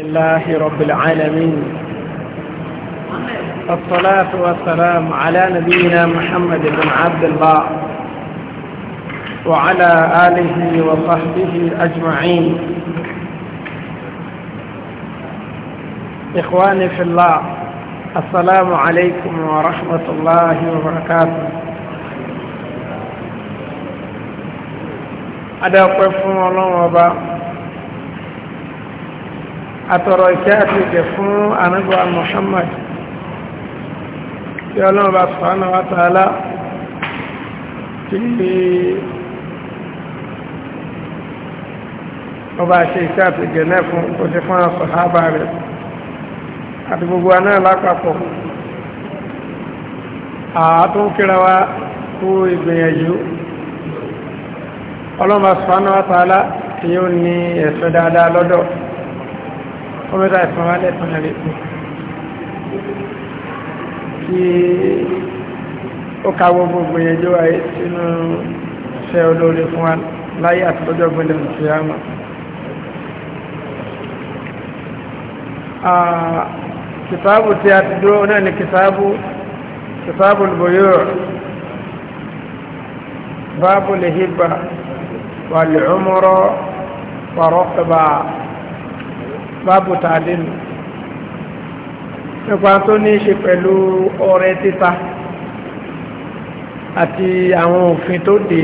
الله رب العالمين الصلاة والسلام على نبينا محمد بن عبد الله وعلى آله وصحبه أجمعين إخواني في الله السلام عليكم ورحمة الله وبركاته أدعوكم الله وبركاته àtọ̀rọ̀ ìkẹ́ àti ìkẹ́ fún anábọ̀ Muhammad tí ọlọ́run bá subhanahu wa ta'ala tí ọba ṣe ìkẹ́ àti ìkẹ́ náà fún kò sí fún sàhábà rẹ̀ àti gbogbo aná lápapọ̀ àátún kíra wa kú ìgbìyànjú ọlọ́run bá subhanahu wa ta'ala tí ó ní ẹ̀sọ́ dáadáa lọ́dọ̀ kọ́mẹ́tà ìfọ̀nwálẹ̀ fúnnẹ̀lẹ̀ fún kí ó káwọ́ gbogbo ẹjọ́ ayé sínú iṣẹ́ olóore fún wa láyé àti lọ́jọ́ gbẹ̀lẹ̀ ìṣẹ́yàmà ah, kìtàbù tí a ti dúró náà ni kìtàbù kìtàbù lùbòyò báàbù lè hìbà wà lè ọmọrọ wà rọ́kẹ̀bà báàbù tá a dénú nípa tó ní í ṣe pẹ̀lú ọrẹ títa àti àwọn òfin tó dé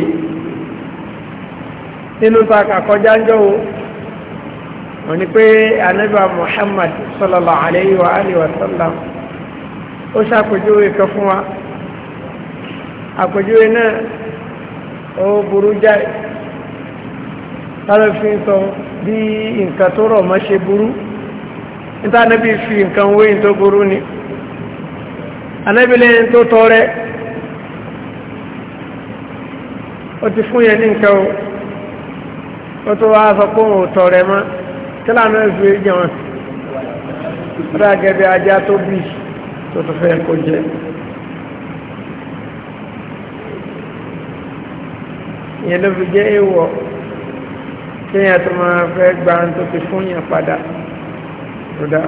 nínú ta kàkọjá ń jọ o wọ́n ní pé anábà Muhammad sallallahu alayhi wa alihi wa sallam ó ṣàpèjúwe kan fún wa àpèjúwe náà ó burú jáì lára fi ń sọ bí nǹkan tó rọ̀ mọ́ ṣe burú níta anábì fi nǹkan wé tó burú ni anábì lẹ́yìn tó tọrẹ ó ti fún yẹn ní nǹkan o ó tó wá sọ pé òun ò tọrẹ mọ́ kí lànà ìlú ìjọba rà gẹ́gẹ́ ajá tó bì tó tó fẹ́ kó jẹ. ìyẹn ló fi jẹ́ èèwọ̀ kéèyàn tó máa fẹ́ gba ohun tó fi fún yàn padà tó dá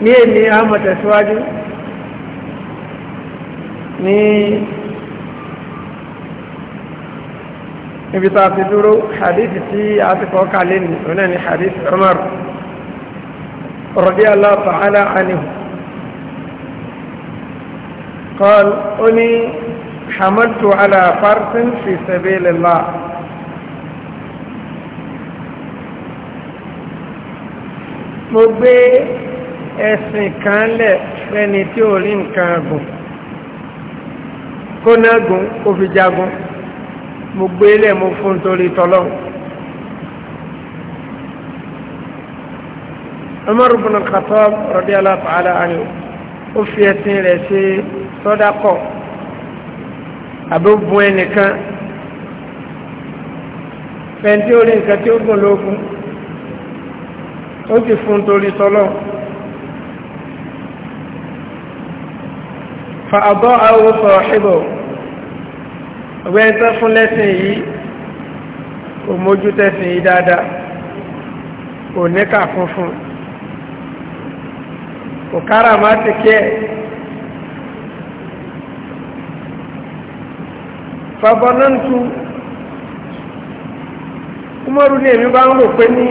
ní èmi àmọ̀ tẹ̀síwájú ní ibi tá a ti dúró hadith tí a ti kọ́ kalẹ̀ ní ọ̀nà ní hadith Umar radiyallahu ta'ala anhu قال أني حملت على فرس في سبيل الله mo gbé ẹ̀sìn kan lẹ̀ fẹ́ni tí ò rí nǹkan gùn kó náà gùn kó fi jagun mo gbé lẹ̀ mo fún torí tọ́lọ́hùn. Umar ibn Khattab radiyallahu ta'ala anhu ó fi ẹ̀sìn rẹ̀ ṣe sọ́dákọ̀ àbí ó bun ẹnìkan fẹ́ntí ó rí nǹkan tí ó gùn lógún ó sì fún torí tọ́lọ́ fa àbọ́ àwòsọ ìbọ̀ ọgbẹ́ni tó fún lẹ́sìn yìí kò mójú tẹ̀sìn yìí dáadáa kò níkà funfun kò kára má ti kí ẹ̀ fàbọ̀nà ń tu kúmọ́rú ní èmi bá ń rò pé ní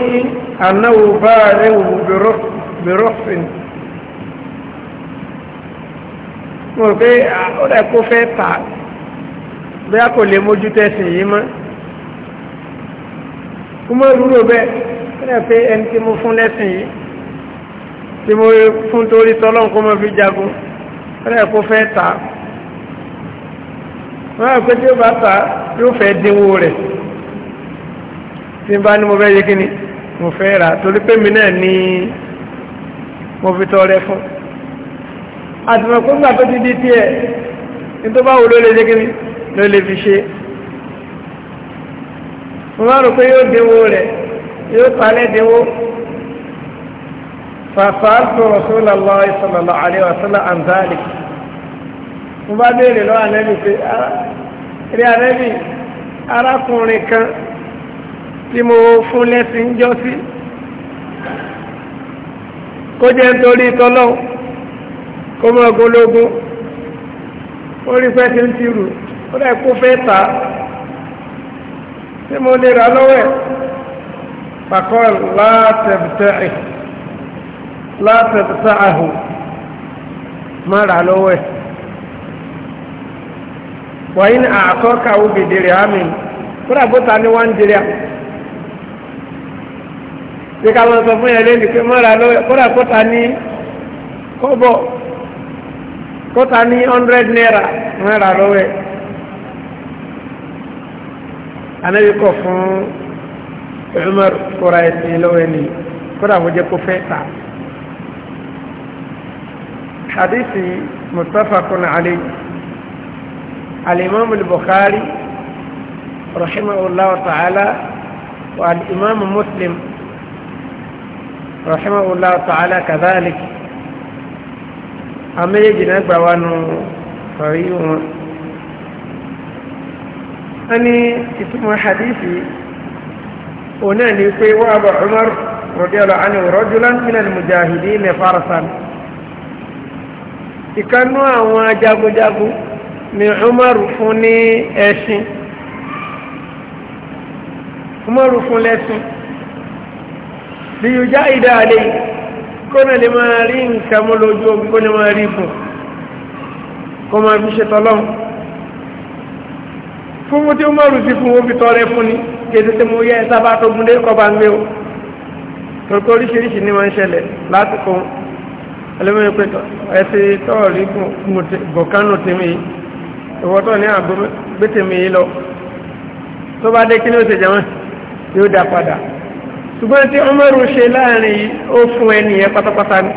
أنه بالغ برف mo rò pé ó dà ta. fẹ́ tà bí a kò lè mójú tẹ̀sìn yìí mọ́ kó mọ́ rúrò bẹ́ẹ̀ ó dà pé ẹni tí mo fún lẹ́sìn yìí tí mo fún torí tọ́lọ́n kó mọ́ fi jagun ó dà kó fẹ́ tà wọ́n rò pé tí ó bá tà yóò fẹ́ dínwó rẹ̀ tí n bá mo fẹ́ yé kí mo fẹ́ ra torí pé mi náà ní mo fi tọrẹ fún àtìmọ̀ kó gbà tó ti di tiẹ̀ ní tó bá wù ló lè ṣe kí ni ló lè fi ṣe mo máa rò pé yóò dínwó rẹ̀ yóò palẹ̀ dínwó fàfàtò Rasulullah sallallahu alaihi wasallam an zalik mo bá béèrè lọ́wọ́ ànẹ́bì pé ah, rí arákùnrin kan tí mo fún lẹ́sìn jọ sí kó jẹ́ nítorí tọ́lọ́ kó mọ́ rí pẹ́ ń ti rù ó dẹ̀ kó fẹ́ tà á tí mo lè rà lọ́wọ́ pàkọ́ látẹ̀bùtẹ̀ látẹ̀bùtẹ̀ má rà wàyí ni àkọ́kà ó ṣé ká máa sọ fún yẹn lẹ́nu pé mọ́ra lọ́wọ́ kódà kóta ní kọ́bọ̀ kóta ní hundred naira mọ́ra lọ́wọ́ ẹ̀ anabi kọ̀ fún Umar kóra ẹ̀sìn lọ́wọ́ ẹ̀ nìyí kódà mo jẹ́ kó fẹ́ ta hadisi muttafaqun alayhi al-imam al-bukhari rahimahullah ta'ala wa al muslim رحمه الله تعالى كذلك أما يجي نقبع وأنه صحيح أني اسم حديثي أناني في وأبو عمر رضي الله عنه رجلا من المجاهدين فرسا ìkanú àwọn ajagunjagun ni umaru fún ní ẹṣin umaru fún lẹ́sìn ní ìjá ìdá àlè kónà lè máa rí nǹkan mú lójú omi kónà máa rí fún kó máa fi ṣe tọ́lọ́m fún mú tí ó mọ̀rù sí fún omi tọrẹ fún ni kéde tí mo yẹ sábà tó gúndé kọ́ bá ń gbé o torí oríṣiríṣi ni wọ́n ń ṣẹlẹ̀ lásìkò ẹlẹ́mìí pé ẹtì tọ́ọ̀rí ṣùgbọ́n tí Umaru ṣe láàrin ó fún ẹnìyẹn pátápátá ni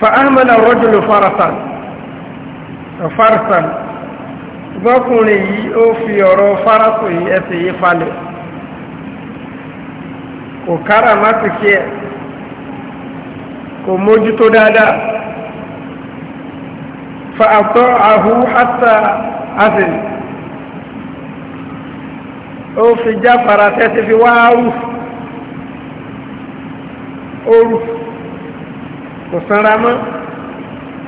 fa ahmada rọ́jùlù farasan farasan gbọ́kùnrin yìí ó fi ọ̀rọ̀ farasan yìí ẹsẹ̀ yìí falẹ̀ kò kára má ti kí ẹ̀ kò mójútó dáadáa fa àtọ́ àhú hátà ó fi já parasẹ́ ti fi wá rù oru kò sanra mọ́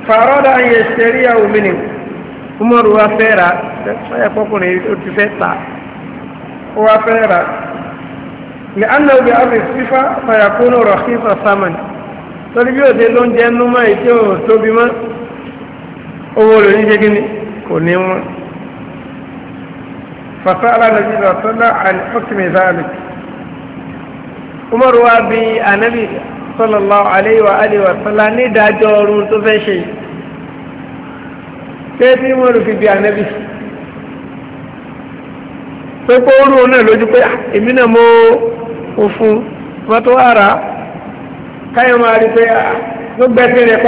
fàrọ́dà yẹ sẹ́rí àwọn ènìyàn umaru wa fẹ́ ra sọ́yà pọ́kùnrin ó ti fẹ́ ta ó wa fẹ́ ra ní anáwó bí àwọn ìfífà fàyàkúnú rọ̀kífà sámánì lórí bí òde ló ń jẹ́ númọ̀ èyí tí mọ́ owó lóní jẹ́ kò ní wọn. فسأل النبي صلى الله عليه وسلم عن حكم ذلك Umar wá bi Ànábì sallallahu alayhi wa alihi wa sallam ní ìdájọ́ ọrùn tó fẹ́ ṣe pé bí Umar fi bi Ànábì pé kó rú òun náà lójú pé ah, èmi mo ò fún wọn tó wà rà káyọ̀ máa rí pé ah, ló gbẹ́sẹ̀ rẹ̀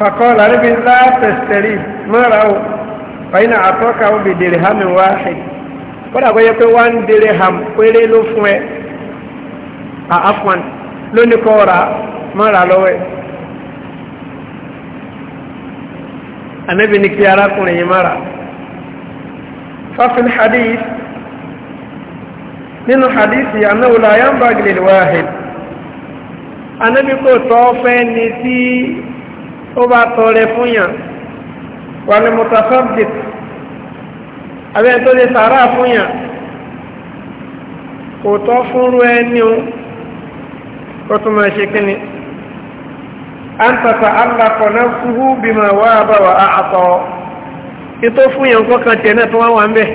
فقال ربي لا تشتري ما رأوا فإن أعطاك بدرهم واحد kódà kó yẹ pé one dirham péré ló fún ẹ àáfọn lónìí kọ́ ra mọ́ra lọ́wọ́ ẹ̀ anábì ní kí arákùnrin yìí mọ́ra fásin hadith nínú hadith yìí anáwó la yá ń bá gilẹ̀ wáhẹ̀ anábì kò tọ́ fẹ́ ni tí ó bá tọrẹ fún yàn wà ní mutasaddiq abẹ́ tó lè sàárà fún yàn kò tọ́ fúnrú ẹni o kó tó máa an tàtà alákọ̀ náà bí ma wá bá wà àtọ̀ ìtó fún yàn kọ́kàn tẹ̀ náà tó wá wà ń bẹ̀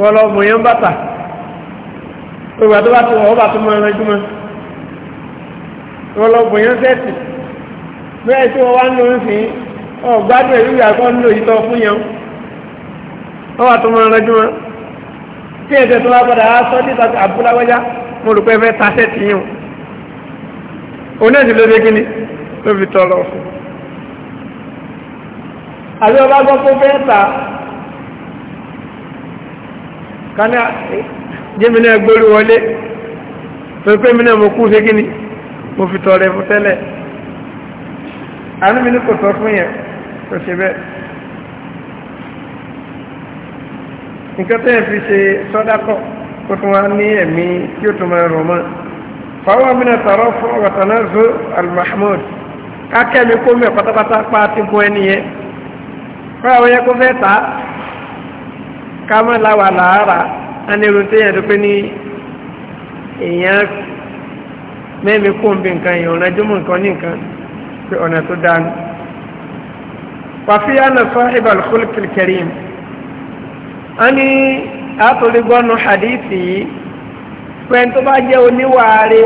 wọ́n lọ mọ̀ yẹn bàtà ìgbà wọ́n lọ bòyán sẹ́ẹ̀tì bẹ́ẹ̀ tí wọ́n wá ń lò ń sìn ọ̀gbádùn ẹ̀rí ìyá kan ń lò yìí tọ́ fún yẹn wọ́n wà tó máa rẹ́jú wọn tí ẹ̀jẹ̀ tó wá padà á sọ́ nípa àbúláwọ́já mo rò pé fẹ́ ta sẹ́ẹ̀tì yẹn òun náà sì ló dé kíni ló fi tọ́ lọ fún àbí ọba gbọ́ pé fẹ́ ta kánà jẹ́mi náà gbórí pé pé mi náà mo kú sí kíni mo fi tọrẹ fún tẹ́lẹ̀ àánú mi ní kò tọ́ fún yẹn kò ṣe bẹ́ẹ̀ nǹkan tẹ́yẹ̀ fi ṣe sọ́dákọ̀ kó tún wá ní ẹ̀mí tí ó tún máa rọ̀ mọ́ fàwọn mi náà tọrọ fún ọ̀tọ̀nà zo al-mahmud kákẹ́mi kó mẹ́ pátápátá pa ti bọ́ ẹni yẹn kọ́ àwọn yẹn kó fẹ́ ta ká má láwà làárà á ní irun tẹ́yẹ̀ tó pé ní èèyàn mẹ́mi kó ń bí nǹkan yìí ọ̀nà jùmọ̀ nǹkan ní nǹkan pé ọ̀nà tó dáa ní. wàfíà na sahib al-khulqil karim a ní àtòlígbọ́nù hadithi yìí pé tó bá jẹ́ oníwàárí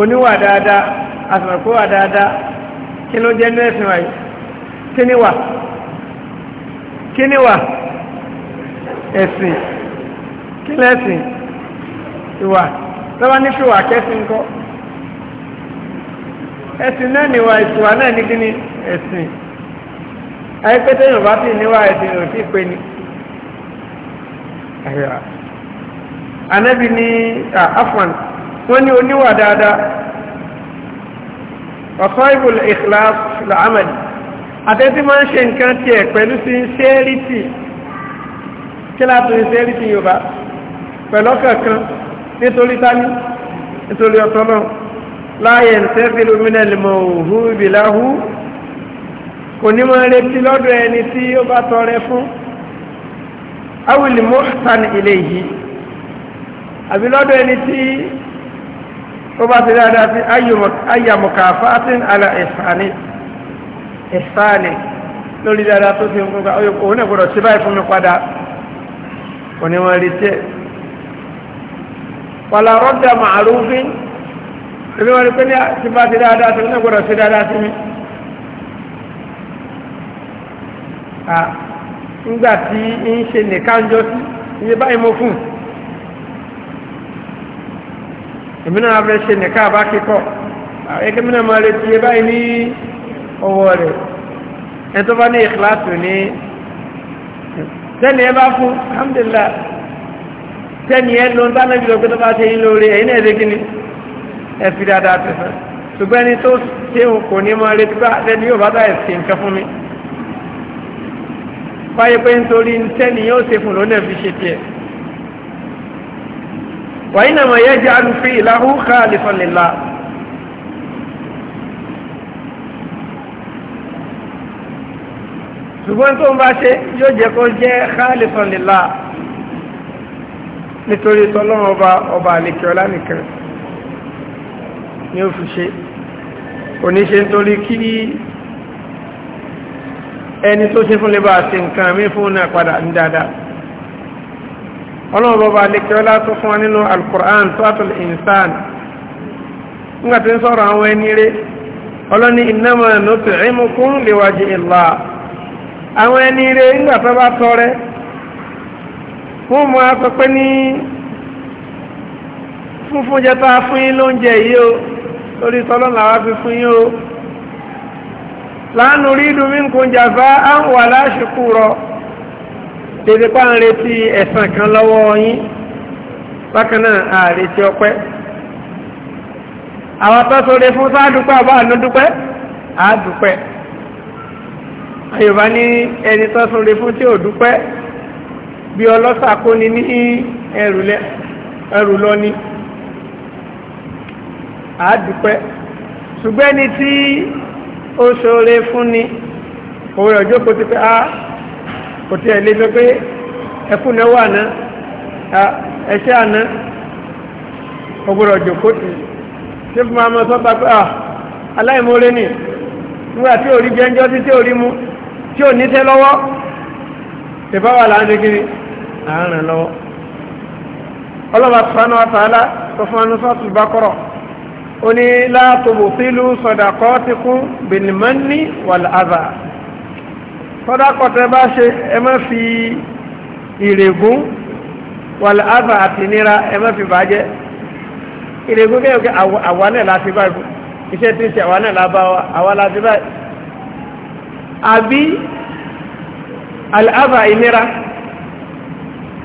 oníwà dáadáa àtàkùwà dáadáa kí ló jẹ́ nẹ́ẹ̀sìn wáyé kí ni wà kí ni wà ẹ̀sìn kí lẹ́sìn ìwà lọ́wọ́ ní fìwà kẹ́sìn kọ́ ẹ̀sìn náà níwà ìsìwà náà ní kíní ẹ̀sìn ayépété yorùbá sì níwà ẹ̀sìn yóò sì pé ni. anabi ní afwan wọ́n ní oníwà dáadáa ọ̀sọ́ ìbùl ìkìláàs làámàlì àtẹ́tí máa ń ṣe nǹkan tiẹ̀ pẹ̀lú sincerity kí látò sincerity yorùbá pẹ̀lú ọkàn kan nítorí tání nítorí ọ̀tọ́ náà láàyè ń tẹ́fì lómìnà lèmọ̀ òhú ìbìláhú kò ní mọ́ retí lọ́dọ̀ ẹni tí ó bá tọrẹ fún awìlì mọ́sán ilé yìí àbí lọ́dọ̀ ẹni tí ó bá ti dáadáa sí ayyàmùkà fásin ala ìfàní ìfàní lórí dáadáa tó ti ń kúkà òun náà gbọ́dọ̀ sí báyìí fún mi padà kò ní mọ́ retí ẹ̀ wàlà rọ́dà màrúfin èmi wọn ni pé ní ti bá ti dáadáa sí mi náà gbọ́dọ̀ sí dáadáa sí mi. nígbà tí ń ṣe nìkan jọ sí iye báyìí mo fún èmi náà fẹ́ ṣe nìkan bá kíkọ́ ẹgbẹ́ mi náà máa retí iye báyìí ní ọwọ́ rẹ̀ ẹ̀ tó bá ní ìkíláàsì ní sẹ́ni ẹ bá fún alhamdulilayi tẹ́ni ẹ lọ tánàbí lọ pé tó bá ṣe yín lórí ẹ̀yin náà ṣe kí ni ẹ fi dáadáa tó fẹ́ ṣùgbọ́n ẹni tó ṣe òun kò ní máa retí pé àtẹ́ni ah, yóò bá dá ẹ̀sìn nǹkan fún mi báyé pé nítorí tẹ́ni yóò ṣe fún lónà fi ṣe tiẹ̀ wàyí náà mọ̀ yẹ́ alùpùpù ìlàhùn khalisan lillah ṣùgbọ́n tó ń bá ṣe yóò jẹ́ kó jẹ́ khalisan lillah nítorí tọ́lọ́run ọba ọba àlekẹ́ọ́lá nìkan ni ó fi ṣe oníṣe nítorí kí ẹni tó ṣe fún lè bá ṣe nǹkan mí fún náà padà ní dáadáa ọlọ́run ọba àlekẹ́ọ́lá tó fún wa nínú alukur'an tó àtọ̀lù insan nígbà tí ń sọ̀rọ̀ àwọn ẹni rẹ̀ ọlọ́ni innama nut'imukum liwajhi Allah àwọn ẹni rẹ̀ nígbà tó bá tọrẹ wọ́n mọ afẹ́pẹ́ ní fúnfún jẹ tá a fún yín lóúnjẹ yìí o lórí tọ́lọ́ làwọn fi fún yín o láàánú rí dùnmí nǹkan jàfá á ń wà láṣìkú rọ tètè pa ń retí ẹ̀sàn kan lọ́wọ́ yín bákan náà àrètí ọpẹ́ àwọn tọ́sọ̀rẹ́ fún sáàdúpẹ́ àbá ànúdúpẹ́ àádúpẹ́ Yorùbá ní ẹni tọ́sọ̀rẹ́ fún tí ò dúpẹ́ bí ọlọ́sà kó ni ní ẹrù lọ ni àádùpẹ́ ṣùgbọ́n ẹni tí ó ṣoore fún ni òwe ọjọ́ kò ti pé a kò tí ẹ̀ lé sọ pé ẹkún náà wà náà ẹṣẹ́ àná ọgbọ̀rọ̀ jòkó tí tí fún ma mọ́ sọ́pàá pé à aláìmọ́rẹ́ nì nígbà tí ò rí jẹ́ńjọ́ tí tí ò rí mú tí ò ní tẹ́ lọ́wọ́ tẹ̀fáwà láàrin kiri àárẹ̀ lọ́wọ́ ọlọ́ba sanu àtàlá tó fún ẹnu sọ́ọ̀tù bá kọ́rọ̀ ó ní látòbò sílù sọ̀dàkọ́ ti kún bìnnìmọ́ni wàlẹ̀ àzà sọ́dàkọ́ tẹ bá ṣe ẹ má fi ìrègùn wàlẹ̀ àzà àti nira ẹ má fi bàjẹ́ ìrègùn kẹ́yọ̀ kẹ́ àwa láti báyìí iṣẹ́ tí ń ṣe àwa láti báyìí àbí àlẹ́ ìnira.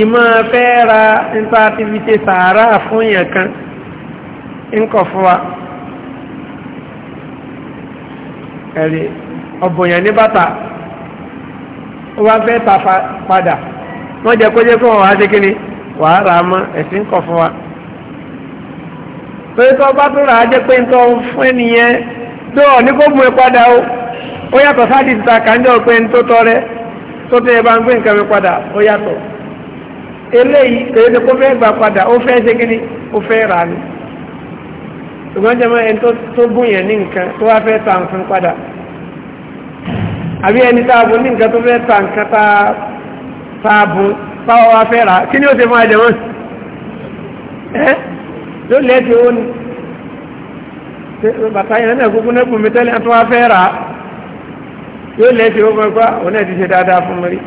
ìmọ̀ fẹ́ ra nípa ti fi ṣe sàárà fún èèyàn kan wa ní bàtà ó wá fẹ́ ta padà wọ́n jẹ́ kó kó wọ́n wá sí rà mọ́ ẹ̀sìn ń kọ̀ fún wa torí bá tó rà á jẹ́ pé ń tọ́ fún ẹnìyẹn tó ọ̀ ní kó mú o ó yàtọ̀ sáà ta pé ń tó tọrẹ tó tẹ́ ẹ bá ń gbé nǹkan mi padà ó eléyìí kèrèdè kó fẹ́ gbà padà ó fẹ́ ṣe kíni ó fẹ́ rà ní ṣùgbọ́n jẹ́ máa ẹni tó bùn yẹn ní nǹkan tó wá fẹ́ ta nǹkan padà àbí ẹni tá a bùn ní nǹkan tó fẹ́ ta nǹkan tá a bùn táwọn wá fẹ́ rà kí ni ó ṣe fún àjẹmọ́ ẹ́ ló lẹ́ẹ̀tì ó ní bàtà yẹn náà gbogbo náà gbòmítẹ́lẹ̀ tó wá fẹ́ rà yóò lẹ́ẹ̀tì ó mọ̀ pé ah, òun náà ti ṣe dáadáa fún mi rí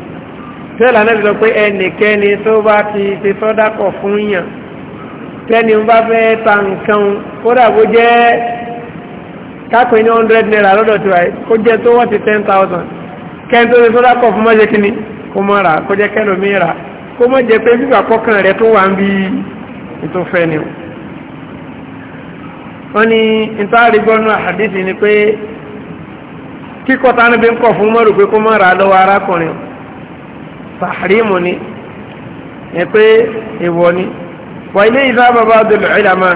tẹ́lá náà sọ pé ẹnikẹ́ni tó bá ti ṣe sọ́dákọ̀ fún yàn tẹ́ni ń bá fẹ́ ta nǹkan kódà kó jẹ́ kápẹ́ ní hundred naira lọ́dọ̀ tiwa kó jẹ́ tó wọ́n ti ten thousand kẹ́ni tó ṣe sọ́dákọ̀ fún mọ́jẹ́ kínní kó mọ́ ra kó jẹ́ kẹ́lòmí ra kó mọ́ jẹ́ pé fífà kọ́kàn rẹ̀ tó wà ń bí ètò fẹ́ ni o wọ́n ní ìtaari gbọ́nú àdìsí ni pé kíkọ́ tánu ń kọ̀ fún mọ́rù pé kó mọ́ ra lọ́wọ́ arákùnrin tàhírímù ni ẹ pé èwọ̀ ni wà ilé ìzáàbà bá dùlù ìlàmà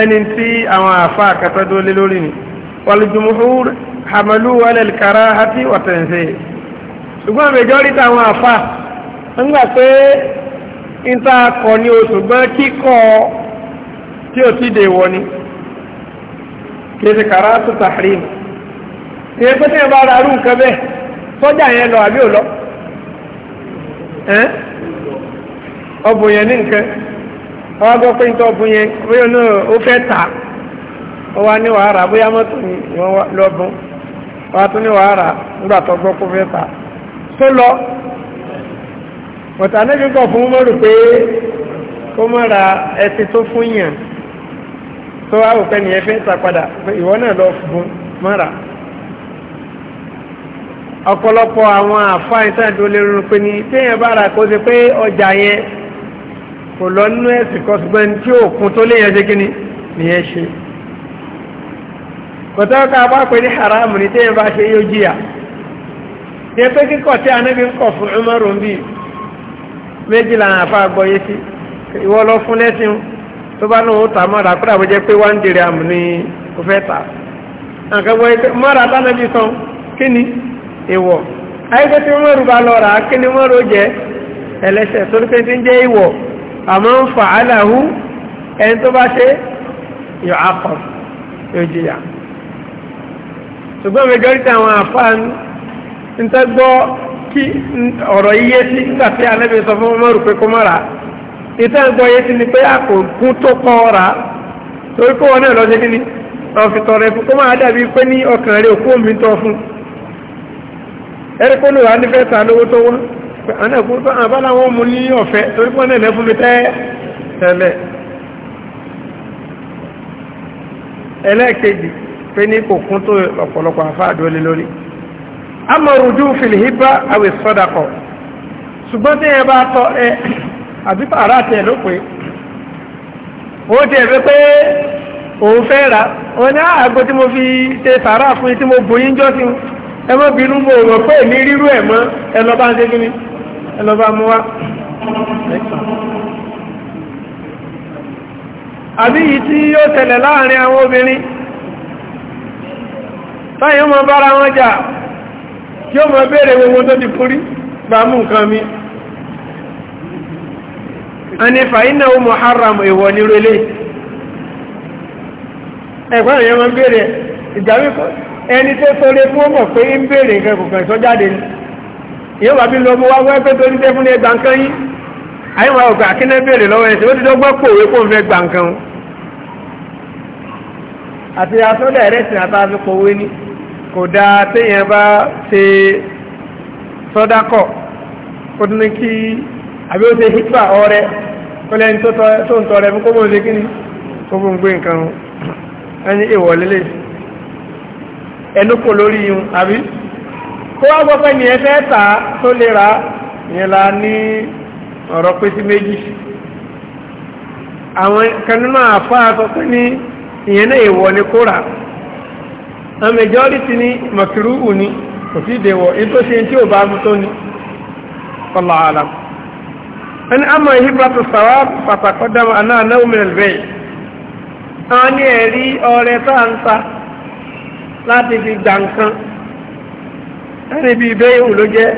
ẹni tí àwọn àfá àkàtà dólé lórí ni wàlùjùmùhúr hamalu alẹ́lkara àti wàtẹ̀ǹsẹ̀ ṣùgbọ́n mẹjọ́rí táwọn àfá ń gbà pé ń ta kọ ní oṣù gbọ́n kíkọ́ tí ó ti dè wọ ni kìí kàrá tó tàhírímù ìyẹn pé tí ẹ bá ra arú nǹkan bẹ́ẹ̀ sọ́jà yẹn lọ àbí ò lọ́ọ́ ọbụ yẹn ní nǹkan ọwọ́ gbọ́ pé náà ó fẹ́ tà ó wá ní bóyá tụ ni wọ́n tún ní wàhálà fẹ́ tà tó lọ bọ̀tà mọ́rù pé kó mọ́ ra ẹtì tó fún ọ̀pọ̀lọpọ̀ àwọn àfáàní sáà tó lérò pé ní téèyàn bá ra kó ṣe pé ọjà yẹn kò lọ nínú ẹ̀sìn kan ṣùgbọ́n tí òkun tó léyàn ṣe kíni nìyẹn ṣe kòtọ́ ká bá pè ní haram ní téèyàn bá ṣe yóò jìyà ní pé kíkọ̀ tí anábì ń kọ̀ fún Umaru bíi méjìlá àfa àgbọ̀yé sí ìwọ lọ fún lẹ́sìn tó bá lóun ó mọ́ra kúrò àbújẹ́ pé wá ń dèrè àmì ní kò fẹ́ tà àkàgbọ́ ìwọ̀ ayíkó tí wọ́n rú bá lọ rà kí ni wọ́n rò jẹ́ ẹlẹ́sẹ̀ torí pé tí ń jẹ́ ìwọ̀ àmọ́ ń fà áláhù ẹni tó bá ṣe yọ akọ̀ yóò jìyà ṣùgbọ́n mẹjọ́rítà àwọn àfáàn ń tẹ́gbọ́ kí ọ̀rọ̀ iye sí nígbà tí alẹ́bí sọ fún ọmọ rù pé kó mọ́ra ìtẹ́gbọ́ iye sí ni pé a kò gún tó kọ́ ra torí kó wọn náà lọ sí kí ni ọ̀fìtọ̀rẹ̀ fún kó máa dàbí pé ní ọkàn rẹ̀ òkú omi fún ẹ̀ríkọ́lù wa nífẹ́ ta lówó tó wọ́n anẹ́kùnkọ́ àbáláwọ́ mú ní ọ̀fẹ́ torí pọ́n nẹ̀lẹ́ fún mi pé ní kò kún tó ọ̀pọ̀lọpọ̀ àfáàdúrólé lórí amọ̀rùdú fìlìhíbá ẹ bá tọ́ ẹ ara tẹ̀ ló pé ó tẹ̀ fẹ́ pé òun fẹ́ ní ah, àgbo tí ẹ má bínú mo rò pé ní rírú ẹ̀ mọ́ ẹ lọ bá ń ṣe kí ni ẹ lọ bá mú wá. àbí yìí tí yóò tẹ̀lẹ̀ láàrin àwọn obìnrin táyọ̀ mọ bára wọn jà tí ó mọ béèrè gbogbo tó ti forí gbàmú nǹkan mi ani fàyínà ó mọ̀ haram ìwọ̀ nírò ilé ẹ̀kọ́ ìyẹn mọ́ bèèrè ìjàmíkọ́ ẹni tó sọlé fún ọmọ pé ń béèrè nǹkan kò kàn sọ́jáde ni yóò bá bí lọ mú wá wọ́n pé tó ní tẹ́ fún ní ẹgbà nǹkan yín ayé wọn ọ̀gá kí náà béèrè lọ́wọ́ ẹ̀sìn ó ti dọ́gbọ́ pòwe kó ń fẹ́ gbà nǹkan o àti asọ́lẹ̀ rẹ̀ sìn àtàfi pòwe ni kò dáa téèyàn bá ṣe sọ́dákọ̀ kó tún ní kí àbí ó ṣe hikpa ọrẹ kó lẹ́ni tó ń tọrẹ fún kó bó ń ṣe kí ni kó bó ń gbé nǹkan o ẹni ìwọ̀lélẹ́sì ẹnu kò lórí yun àbí kó wá gbọ́ pé nìyẹn fẹ́ tà tó lè rà á ní ọ̀rọ̀ pé sí méjì àwọn kanínú àfa sọ pé ní ìyẹn náà èèwọ̀ ni kó rà àwọn majority ní mọ̀kìrúhù ni kò sí ìdèwọ̀ ètò ṣe tí ò bá mú tó ni wallahu alam ẹni àmọ́ ìhíbratu sawab pàtàkọ́dá àná náà mìíràn bẹ́ẹ̀ àwọn ní ẹ̀rí ọrẹ táà ń ta láti fi gbà nǹkan ẹni bí ibẹ́ ìhùn ló jẹ́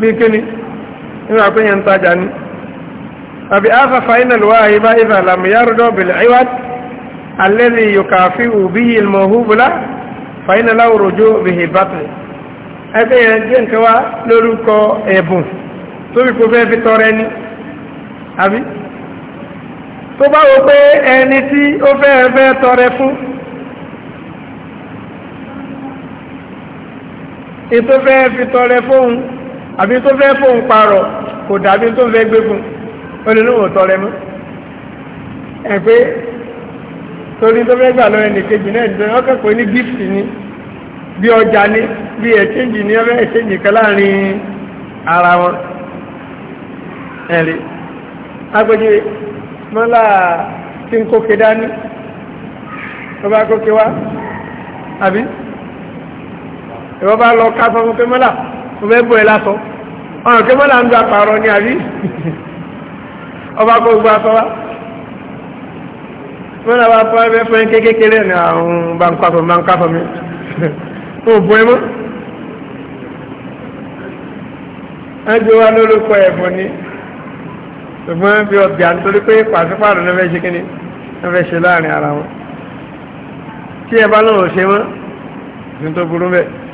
bí kíni nínú àpéyàn tajà ní àbí afẹ́fà iná lọ́wọ́ àyíbá ìfà làmìyárúdọ́ bìlẹ̀ ìwád alẹ́ni yòkàfí òbí ìlmọ̀ húbùlá fàyínà láwùrọ̀jọ́ bìhì bàtìlì ẹgbẹ́ yẹn jẹ́ nǹkan wá lórúkọ ẹ̀bùn tóbi kò fẹ́ fi tọrẹ ní àbí tó bá wo pé ẹni tí ó fẹ́ fẹ́ tọrẹ fún ètò fẹ́ fi tọrẹ fóun àbí tó fẹ́ fóun parọ̀ kò dàbí tó fẹ́ gbé fún ó lè lóun tọrẹ mọ́ ẹ pé torí tó fẹ́ gbà lọ́rẹ́ nìkejì náà nítorí wọ́n kẹ́kọ̀ọ́ ní gift ni bí ọjà ni bí ẹ̀ṣẹ́ǹjì ni ọ̀rẹ́ ẹ̀ṣẹ́ǹjì kan láàrin ara wọn ẹ̀rí agbẹ́jì mọ́lá tí ń kókè dání ọba kókè wá àbí ìwọ́n bá lọ kásọ fún kémọ́là fún mẹ́bù ẹ̀ lásọ ọ̀nà kémọ́là ń gba pààrọ̀ ní àbí ọba kó gbọ́ aṣọ wa kémọ́là bá fọ́ ẹgbẹ́ fún kékeré ní àwọn bankasọ bankasọ mi ó bu ẹ mọ́ ẹjọ́ wa lórúkọ ẹ̀bùn ni ṣùgbọ́n bí ọbẹ̀ àtúrí pé pàṣípààrọ̀ ló fẹ́ ṣe kí ni wọ́n fẹ́ ṣe láàrin ara wọn tí ẹ bá lọ́wọ́ ṣe mọ́ ní tó burú bẹ́ẹ̀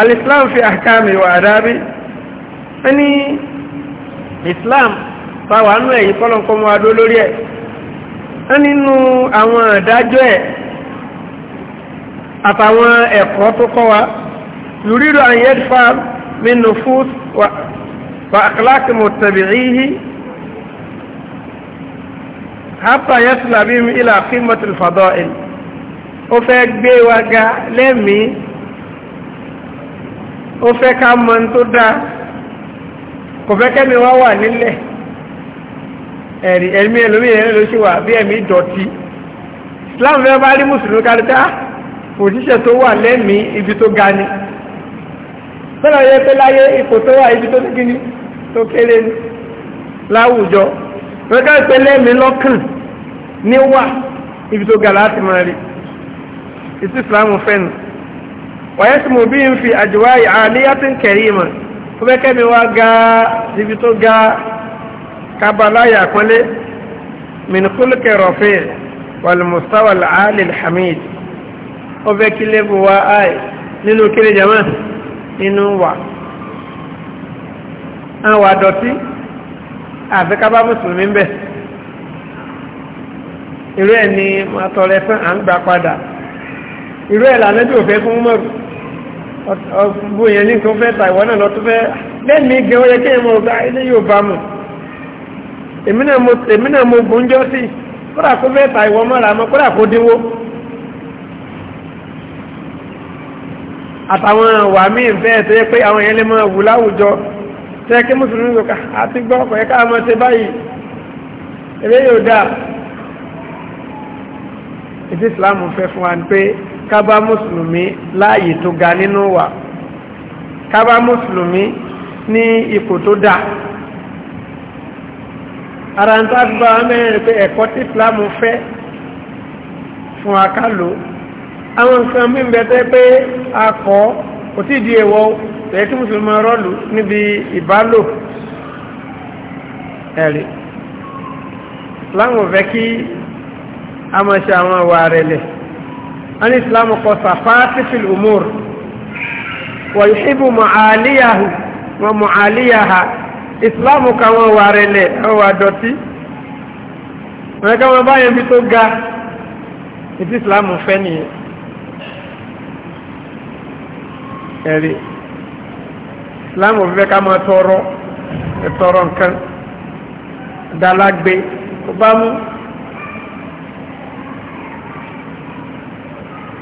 alìsílám fi àkàmì wà àdábí wọ́n ní islam báwà nú ẹ̀yí kọ́lọ̀kọ́ mọ́ adó lórí ẹ̀ wọ́n nínú àwọn àdájọ́ ẹ̀ àtàwọn ẹ̀kọ́ tó kọ́ wa yùrírò àyẹ́d farm min nufus wa akhlaq mutabi'ihi hatta yasla bihim ila qimmatil fada'il ó fẹ́ gbé wa ga lẹ́mìí ó fẹ́ ká mọ tó dáa kò fẹ́ kẹ́mi wá wà nílẹ̀ ẹ̀rí ẹ̀mí ẹlòmí ẹ̀rẹ́ ló ṣe wà bí ẹ̀mí ìdọ̀tí Islam fẹ́ bá rí mùsùlùmí kárítá òṣìṣẹ́ tó wà lẹ́mìí ibi tó ga ni tọ́lọ̀ yẹ pé láyé ipò tó wà ibi tó ní kíní tó kéré ní láwùjọ wẹ́ká ìpé lẹ́mìí lọ́kàn níwà ibi tó ga láti máa rí ìsí Islam fẹ́ nù wàyẹ́sìmù bí n fi àjùwá àníyàtún kẹrìmọ̀ fún mẹ́kẹ́mi wá ga ibi tó ga kábàláyà pọ́nlé mìnkúlùkẹ́ rọ̀fẹ́ wàlùmùsáwàl àálì hamid ó fẹ́ kí lébù wá áì nínú kiri jama ọgbọ́n yẹn ní tó fẹ́ ta ìwọ náà lọ tó fẹ́ lẹ́nu ìgẹ̀ ó yẹ kí ẹmọ ọgbà ilé yóò bá mu èmi náà mo gùn jọ sí kódà kó fẹ́ ta ìwọ mọ́ra mọ́ kódà kó dínwó àtàwọn wà míì fẹ́ tó yẹ pé àwọn yẹn lè mọ wù láwùjọ tó yẹ kí mùsùlùmí lò ká àti gbọ́ ọkọ̀ yẹ ká mọ́ ṣe báyìí eré yóò dáa ìdí ìsìlámù fẹ́ fún wa ni pé kábá mùsùlùmí láàyè tó ga nínú wa kábá mùsùlùmí ní ipò tó dáa ara ń tá gbọ́ mẹ́rin pé ẹ̀kọ́ tí fúlámù fẹ́ fún akálò àwọn nǹkan mí bẹ́tẹ́ pé akọ̀ kò tí di èwọ̀ tẹ̀yẹ́ tí mùsùlùmí níbi ìbálò ẹ̀rí láwọn fẹ́ kí a mọ̀ ṣe àwọn ìwà rẹ̀ lẹ̀ an islam kọ safati fil umur wa yuhibu mu'aliyahu wa mu'aliyaha islam kan wọn wà rẹlẹ̀ wọn wà dọ̀tí wọn kà wọn báyẹn bí tó ga ìtí islam fẹ́ nìyẹn ẹ̀rí islam fẹ́ ká máa tọrọ ẹ̀tọrọ nǹkan dalagbe kó bá mú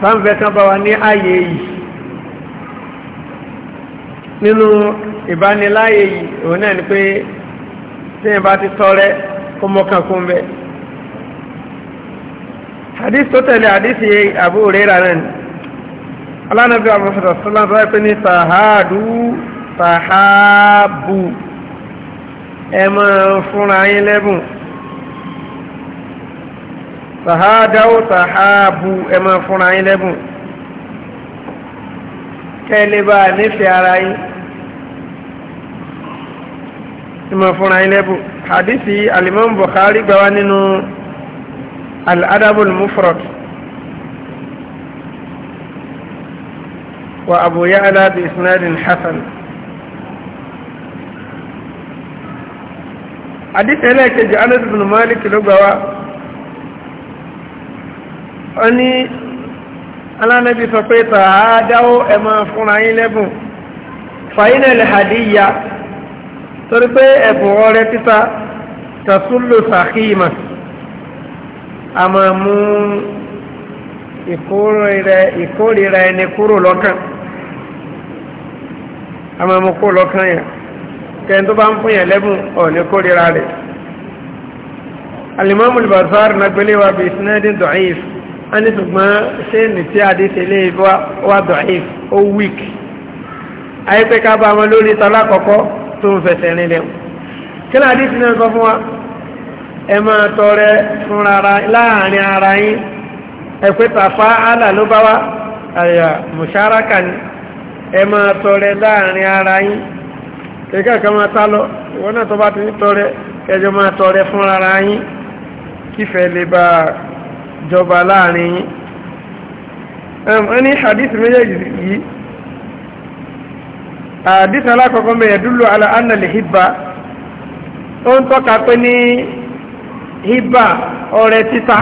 sáńfẹ́ kan bá wa ní ààyè yìí nínú ìbániláyè yìí òun náà ni pé tí ìbá ti tọrẹ kó mọ́kàn kún bẹ́ẹ̀ hadith tó tẹ̀lé hadith yìí Abu Hurairah náà ni alánàbí àmọ́sọ̀rọ̀ sọ́lán tó pẹ́ ní sàhádù sàhábù ẹ fúnra yín lẹ́bùn sàhádáwó sàhábù ẹ máa fúnra yín lẹ́bùn kẹ́lẹ́ bá a nífẹ̀ẹ́ ara yín ẹ máa fúnra yín lẹ́bùn hadisi alimam Bukhari gbà wá nínú al-adabul wa abu ya'la bi isnadin hasan. hadisi ẹlẹ́kejì Anas bin Malik ló gbà ó ní alánẹ́bí sọ pé tàádáwó ẹ máa fúnra yín lẹ́bùn fàyínẹ̀lẹ̀ hàdíyà torí pé ẹ̀bùn ọrẹ títa tàṣúlò sàkíyìmà a máa mú ìkórìíra ẹni kúrò lọ́kàn a máa mú kúrò lọ́kàn yẹn kẹ́ni tó bá ń fún yẹn lẹ́bùn ọ̀ ní rẹ̀ alimami Bazar nagbelewa bi isnadin da'if wọ́n ní ṣùgbọ́n ṣé nì tí àdíṣelé wà dọ̀ẹ́ ó wík àyípẹ́ ká bá wọn lórí tọ́lá kọ̀kọ́ tó ń fẹsẹ̀ rìn lẹ́wọ̀n kí ní àdíṣe náà sọ fún wa ẹ máa tọrẹ fúnra láàrin ara yín ẹ̀pẹ́ tàfá àlà ló bá wá àyà mùsáraka ni ẹ máa tọrẹ láàrin ara yín kẹ́kẹ́ kan máa tá lọ ìwọ náà tó bá ti ń tọrẹ kẹjọ máa tọrẹ fúnra yín kífẹ́ lè bá a jọba láàrin yín wọ́n ní hadith méjèèjì yìí hadith alákọ̀ọ́kọ́ mẹ́yẹ̀ dúlù ala anna lè hibba ó ń tọ́ka pé ní hibba ọrẹ títà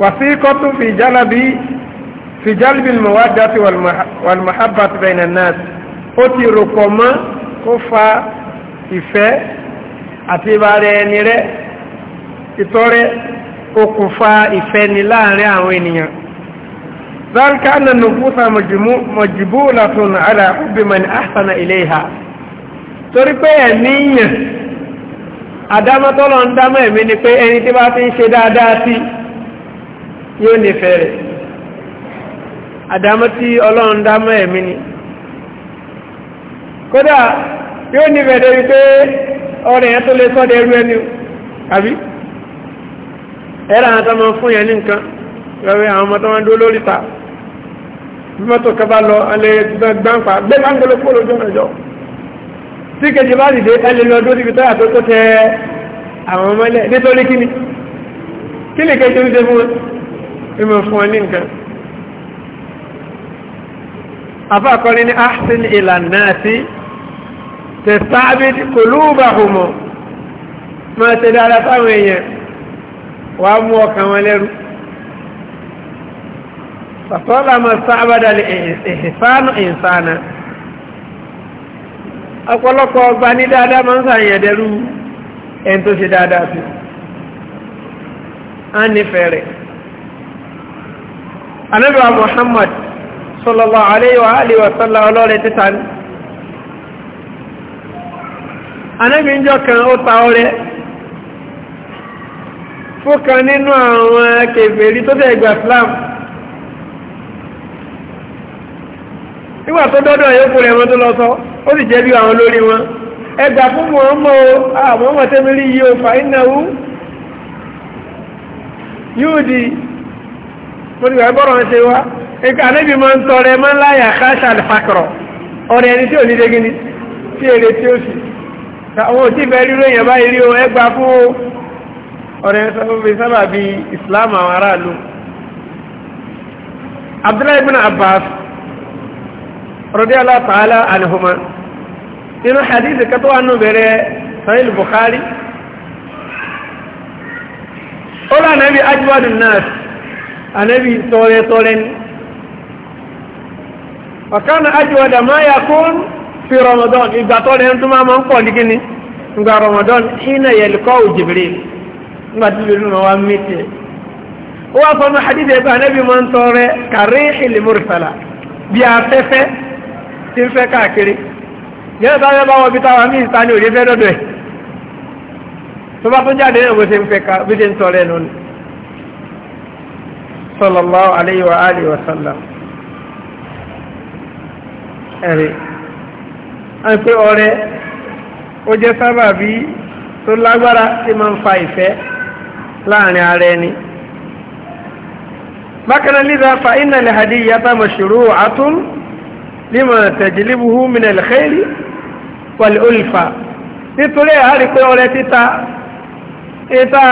wàsíkọ́tún fi jálàbí fi jálàbí mọ̀wádàtí wàlmọ̀hábàtí bẹ̀yìn náà ó ti rò pọ̀ mọ́ kó fa ìfẹ́ àti ìbára ẹni rẹ̀ ìtọ́rẹ okùnfà ìfẹ́ ni láàrin àwọn ènìyàn zarka anna nufusa majibula tun ala hubbi man ahsana ilaiha tori pe eniye adama tolo ndama emini ni pe eni ti ba tin se daada ti yo fere adama ti olon ndama emi koda yoni ni be de pe ore to le so de ru eni abi ẹ̀rọ àwọn tọ́mọ fún yẹn ní nǹkan rẹ̀rẹ̀ àwọn ọmọ tọ́mọ dúró lórí ta bí mọ́tò kaba lọ alẹ́ gbígbà gbáǹpà gbé báńgolo kó lójú ọ̀nà jọ tí kejì bá dìde ẹlẹ́ lọ dúró síbi tọ́yà tó tó àwọn ọmọ nítorí kíni kíni kejì ń ṣe fún wọn ìmọ̀ fún wọn ní nǹkan afa akọni ni ahsin ìlànà sí tẹ̀sáàbí kòlúùbà hùmọ̀ máa ṣe dáadáa fáwọn èèyàn wà á mú ọkàn wọn lẹ́rú fàtọ́lá ma sábàdà lè ìsánú ìsánà ọ̀pọ̀lọpọ̀ ọgbà ní dáadáa máa ń sàyàn dẹrú ẹni tó ṣe dáadáa sí a nífẹ̀ẹ́ rẹ̀ anábíwá Muhammad sallallahu alayhi wa alihi ọlọ́rẹ̀ títà ní anábíjọ́ kan ó ta ọrẹ́ fúkan nínú àwọn kèfèrí tó tẹ̀ gbà flam nígbà tó dọ́dọ̀ yóò rẹ̀ wọn tó lọ sọ ó sì jẹ́ bí àwọn lórí wọn ẹgbà fún mọ̀ọ́mọ́ àwọn ọmọ tẹ́mírí yìí ó fa ìnáwó yóò di mo ti wà gbọ́rọ̀ ń ṣe wá ẹ̀ka níbi ń tọrẹ máa láyà káṣà fàkọ̀rọ̀ ọ̀rẹ́ ẹni tí ò ní dégíní tí èrè tí ó sì àwọn òtí fẹ́ ríro èèyàn báyìí rí o ẹgbà fún ọ̀rẹ́ sọ́bí sábà bí islam àwọn aráàlú abdullahi ibn abbas radiyallahu ta'ala anhuma inú hadith kátó wà nù bẹ̀rẹ̀ sahih bukhari ó lá nàbí ajwadun nas ànábì tọ́rẹ́tọ́rẹ́ ni ọ̀kánà ajwada ma yakun fi ramadan ìgbà tọ́rẹ́ tó máa ń pọ̀ ní kíni ìgbà ramadan hina yalqau jibril nígbà tí lórí wọn wá mẹ́tẹ̀ ó wá fọ́nà hadith ẹgbẹ́ anábì mọ́ ń tọrẹ kàrí ìlú mùrùsàlà bí afẹ́fẹ́ tí ń fẹ́ káàkiri yẹ́nà táwọn ẹgbẹ́ wọn bí táwọn mí ìta ní òde fẹ́ dọ́dọ̀ ẹ̀ tó bá a ń pé ọrẹ ó jẹ́ sábàbí tó lágbára tí máa ń fa ìfẹ́ láàrin ara ẹni bákanáà lídá fa iná lè hadi yàtà mọ̀ṣúrú àtún límọ̀ tẹ̀jìlíbuhu minna lẹ́kẹ́lì pẹ̀lú olùfà nítorí àárí pé ọrẹ títa ìta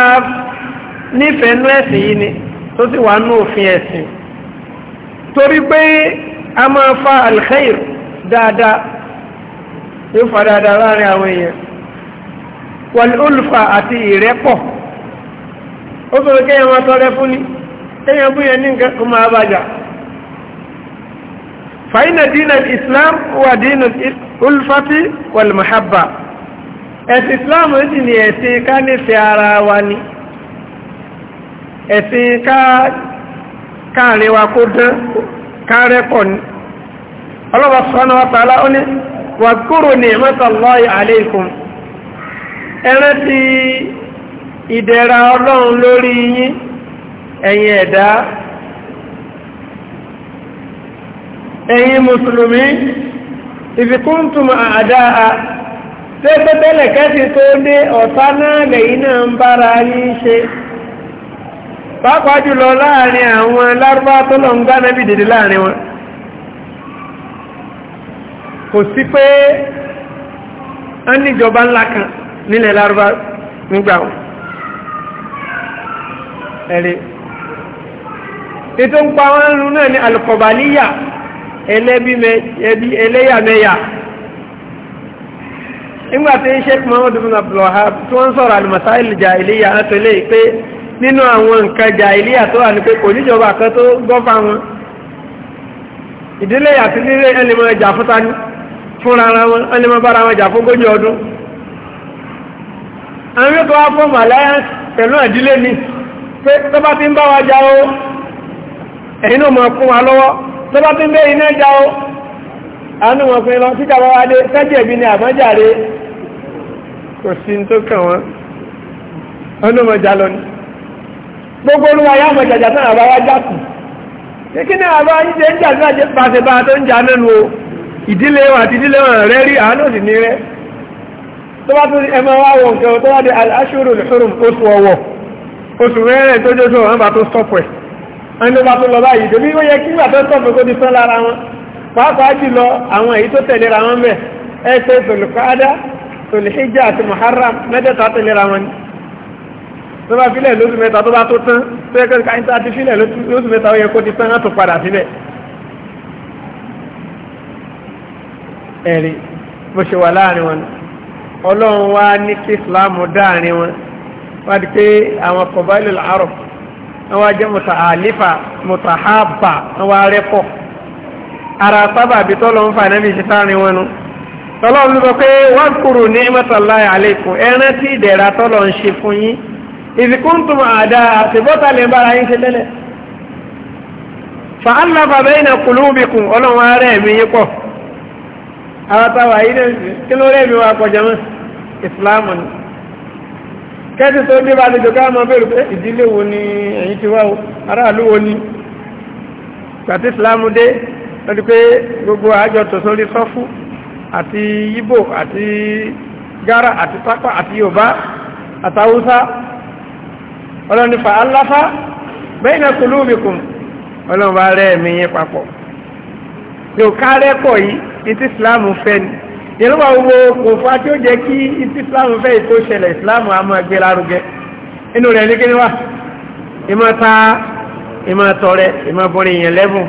nífẹ̀ẹ́ nú ẹ̀sìn yìí ni tó sì wà nú òfin ẹ̀sìn torí pé a máa fa alkhair dáadáa yóò fa dáadáa láàrin àwọn èèyàn pẹ̀lú olùfà àti ìrẹ́pọ̀ ó bẹ̀rẹ̀ kẹ́yàn máa tọrẹ fún ni kẹ́yàn bú yẹn ní nǹkan kó máa bàjá fàyínà dínà islam wà dínà ulfati wal mahabba ẹ̀sìn islam sì ni ẹ̀sìn ká nífẹ̀ẹ́ ara wa ni ẹ̀sìn ká káàrin wa kó dán kárẹ́pọ̀ ni ọlọ́wọ́ sọ́nà wa tààlà ó ní wàkúrò ní mọ́tàlọ́yì alaykum ìdẹ̀ra ọlọ́run lórí yín ẹ̀yìn ẹ̀dá ẹ̀yìn mùsùlùmí ìfikúntùm àdáa tẹ́gbẹ́tẹ́lẹ̀ kẹ́sì tó dé ọ̀tá náà lẹ̀yìn náà ń bára yín ṣe pàápàá jùlọ láàrin àwọn lárúbá tó lọ ń láàrin wọn kò sí pé a níjọba ńlá kan nílẹ̀ lárúbá nígbà wọn ẹ̀rẹ́ ètò ń pa wọn rún náà ní alùkọ̀bàníyà ẹlẹ́yàmẹ́yà nígbàtí sheikh muhammadu bin abdullahab tí wọ́n sọ̀rọ̀ alìmọ̀sáìl jàìlíyà látọ̀lẹ́ pé nínú àwọn nǹkan jàìlíyà tó wà ní pé kò níjọba kan tó gọ́fà wọn ìdílé àti nílé ẹlẹ́mọ̀ ẹjà fúnta ní fúnra wọn ẹlẹ́mọ̀ bára wọn jà fógójì ọdún àwọn pé tọ́bá ti ń bá wa jà o ẹ̀yin náà wa lọ́wọ́ tọ́bá ti ń bẹ́ iná jà o àánú wọn pín lọ síta bá wá dé sẹ́jẹ̀bí ni àbájáre kò sí tó kàn wọ́n lọ gbogbo olúwa yá mọ̀ jàjà kí àbá ń pàṣẹ bá tó ń nínú o ìdílé wọn àti ìdílé wọn rẹ rí àánú sì oṣù rẹ̀rẹ̀ tó jẹ́ ṣọ́wọ́n bá tó sọ́pọ̀ ẹ̀ ẹni bá tó lọ báyìí tó bí ó yẹ kígbà tó sọ́pọ̀ tó di sán lára wọn pàápàá jùlọ àwọn èyí tó tẹ̀lera wọn bẹ̀ ẹ̀ṣẹ́ tòlùkádá tòlùhíjà àti muharram mẹ́tẹ̀ẹ̀ta tẹ̀lera wọn ni tó bá filẹ̀ lóṣù mẹ́ta tó bá tó tán tó yẹ kí a ti filẹ̀ lóṣù mẹ́ta ó yẹ kó ti tán á tó padà síbẹ̀ ẹ̀rí bó ṣe wà láàrin wọn ọlọ́run wá ní kí islam dáàrin wọn wọ́n ti pé àwọn kọ̀báìlì àárọ̀ wọ́n wá jẹ́ mùtàhálífà mùtàhábà wọ́n wá rẹ́pọ̀ ara sábà bí tọ́lọ̀ ń fà nẹ́bí ìṣitárin wọn nu tọ́lọ̀ ń lọ pé wọ́n kúrò ní mọ́tàláyà àlékún ẹran tí ìdẹ̀ra tọ́lọ̀ ń ṣe fún yín ìfikúntùm àdá àtìbọ́tà lè bára yín ṣe lẹ́lẹ̀ fàálà bàbá ìnà kùlùbìkùn ọlọ́run ara ẹ̀mí yín pọ̀ ara táwa yìí kí ló rẹ̀ mi wá pọ̀ jẹ́mọ́ ìsìláàmù ni kẹ́sì tó dé bá lejò káàmọ́ bẹ̀rù pé ìdílé wo ni ẹ̀yin ti wá o aráàlú wo ni gbàtí ìsìlámù dé lọ́dí pé gbogbo àjọ tòsórí sọ́fù àti Ìgbò àti Gárà àti pápá àti Yorùbá àtàwùsá ọlọ́ni fa aláfá bẹ́ẹ̀nà kùlúùbìkùn ọlọ́run bá rẹ̀ mí yín papọ̀ yóò ká rẹ́pọ̀ yìí ní ti ìsìlámù fẹ́ ni ìrúbà gbogbo kò fà tí ó jẹ́ kí ìtí islam fẹ́ ètò ìṣẹ̀lẹ̀ islam a máa gbé lárugẹ inú rẹ̀ ní kíníwá ìmọ̀ ta ìmọ̀ tọrẹ ìmọ̀ bọ̀rẹ̀ èèyàn lẹ́bùn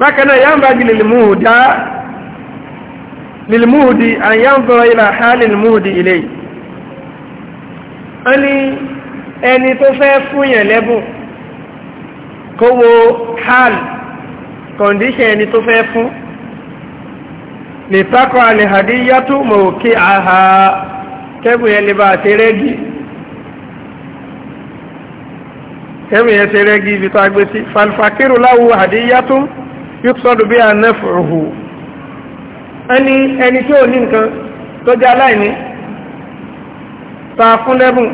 bákan náà yá ń bá gilil muhuda lil muhudi an yanzura ila halil muhudi ilay ani ẹni tó fẹ́ fún yẹn lẹ́bùn kó wo hal condition ẹni tó fẹ́ fún lè takọ̀ àlèhàdí yàtò mọ̀ kí àhà kẹ́bù yẹn lè bá ṣe rẹ́gì kẹ́bù yẹn ṣe rẹ́gì ibi tó agbé sí falfakiru láwù àdí yàtò yóò sọ́dọ̀ bí anáfòrò ẹni ẹni tí ò ní nǹkan tó jẹ́ aláìní ta fún lẹ́bùn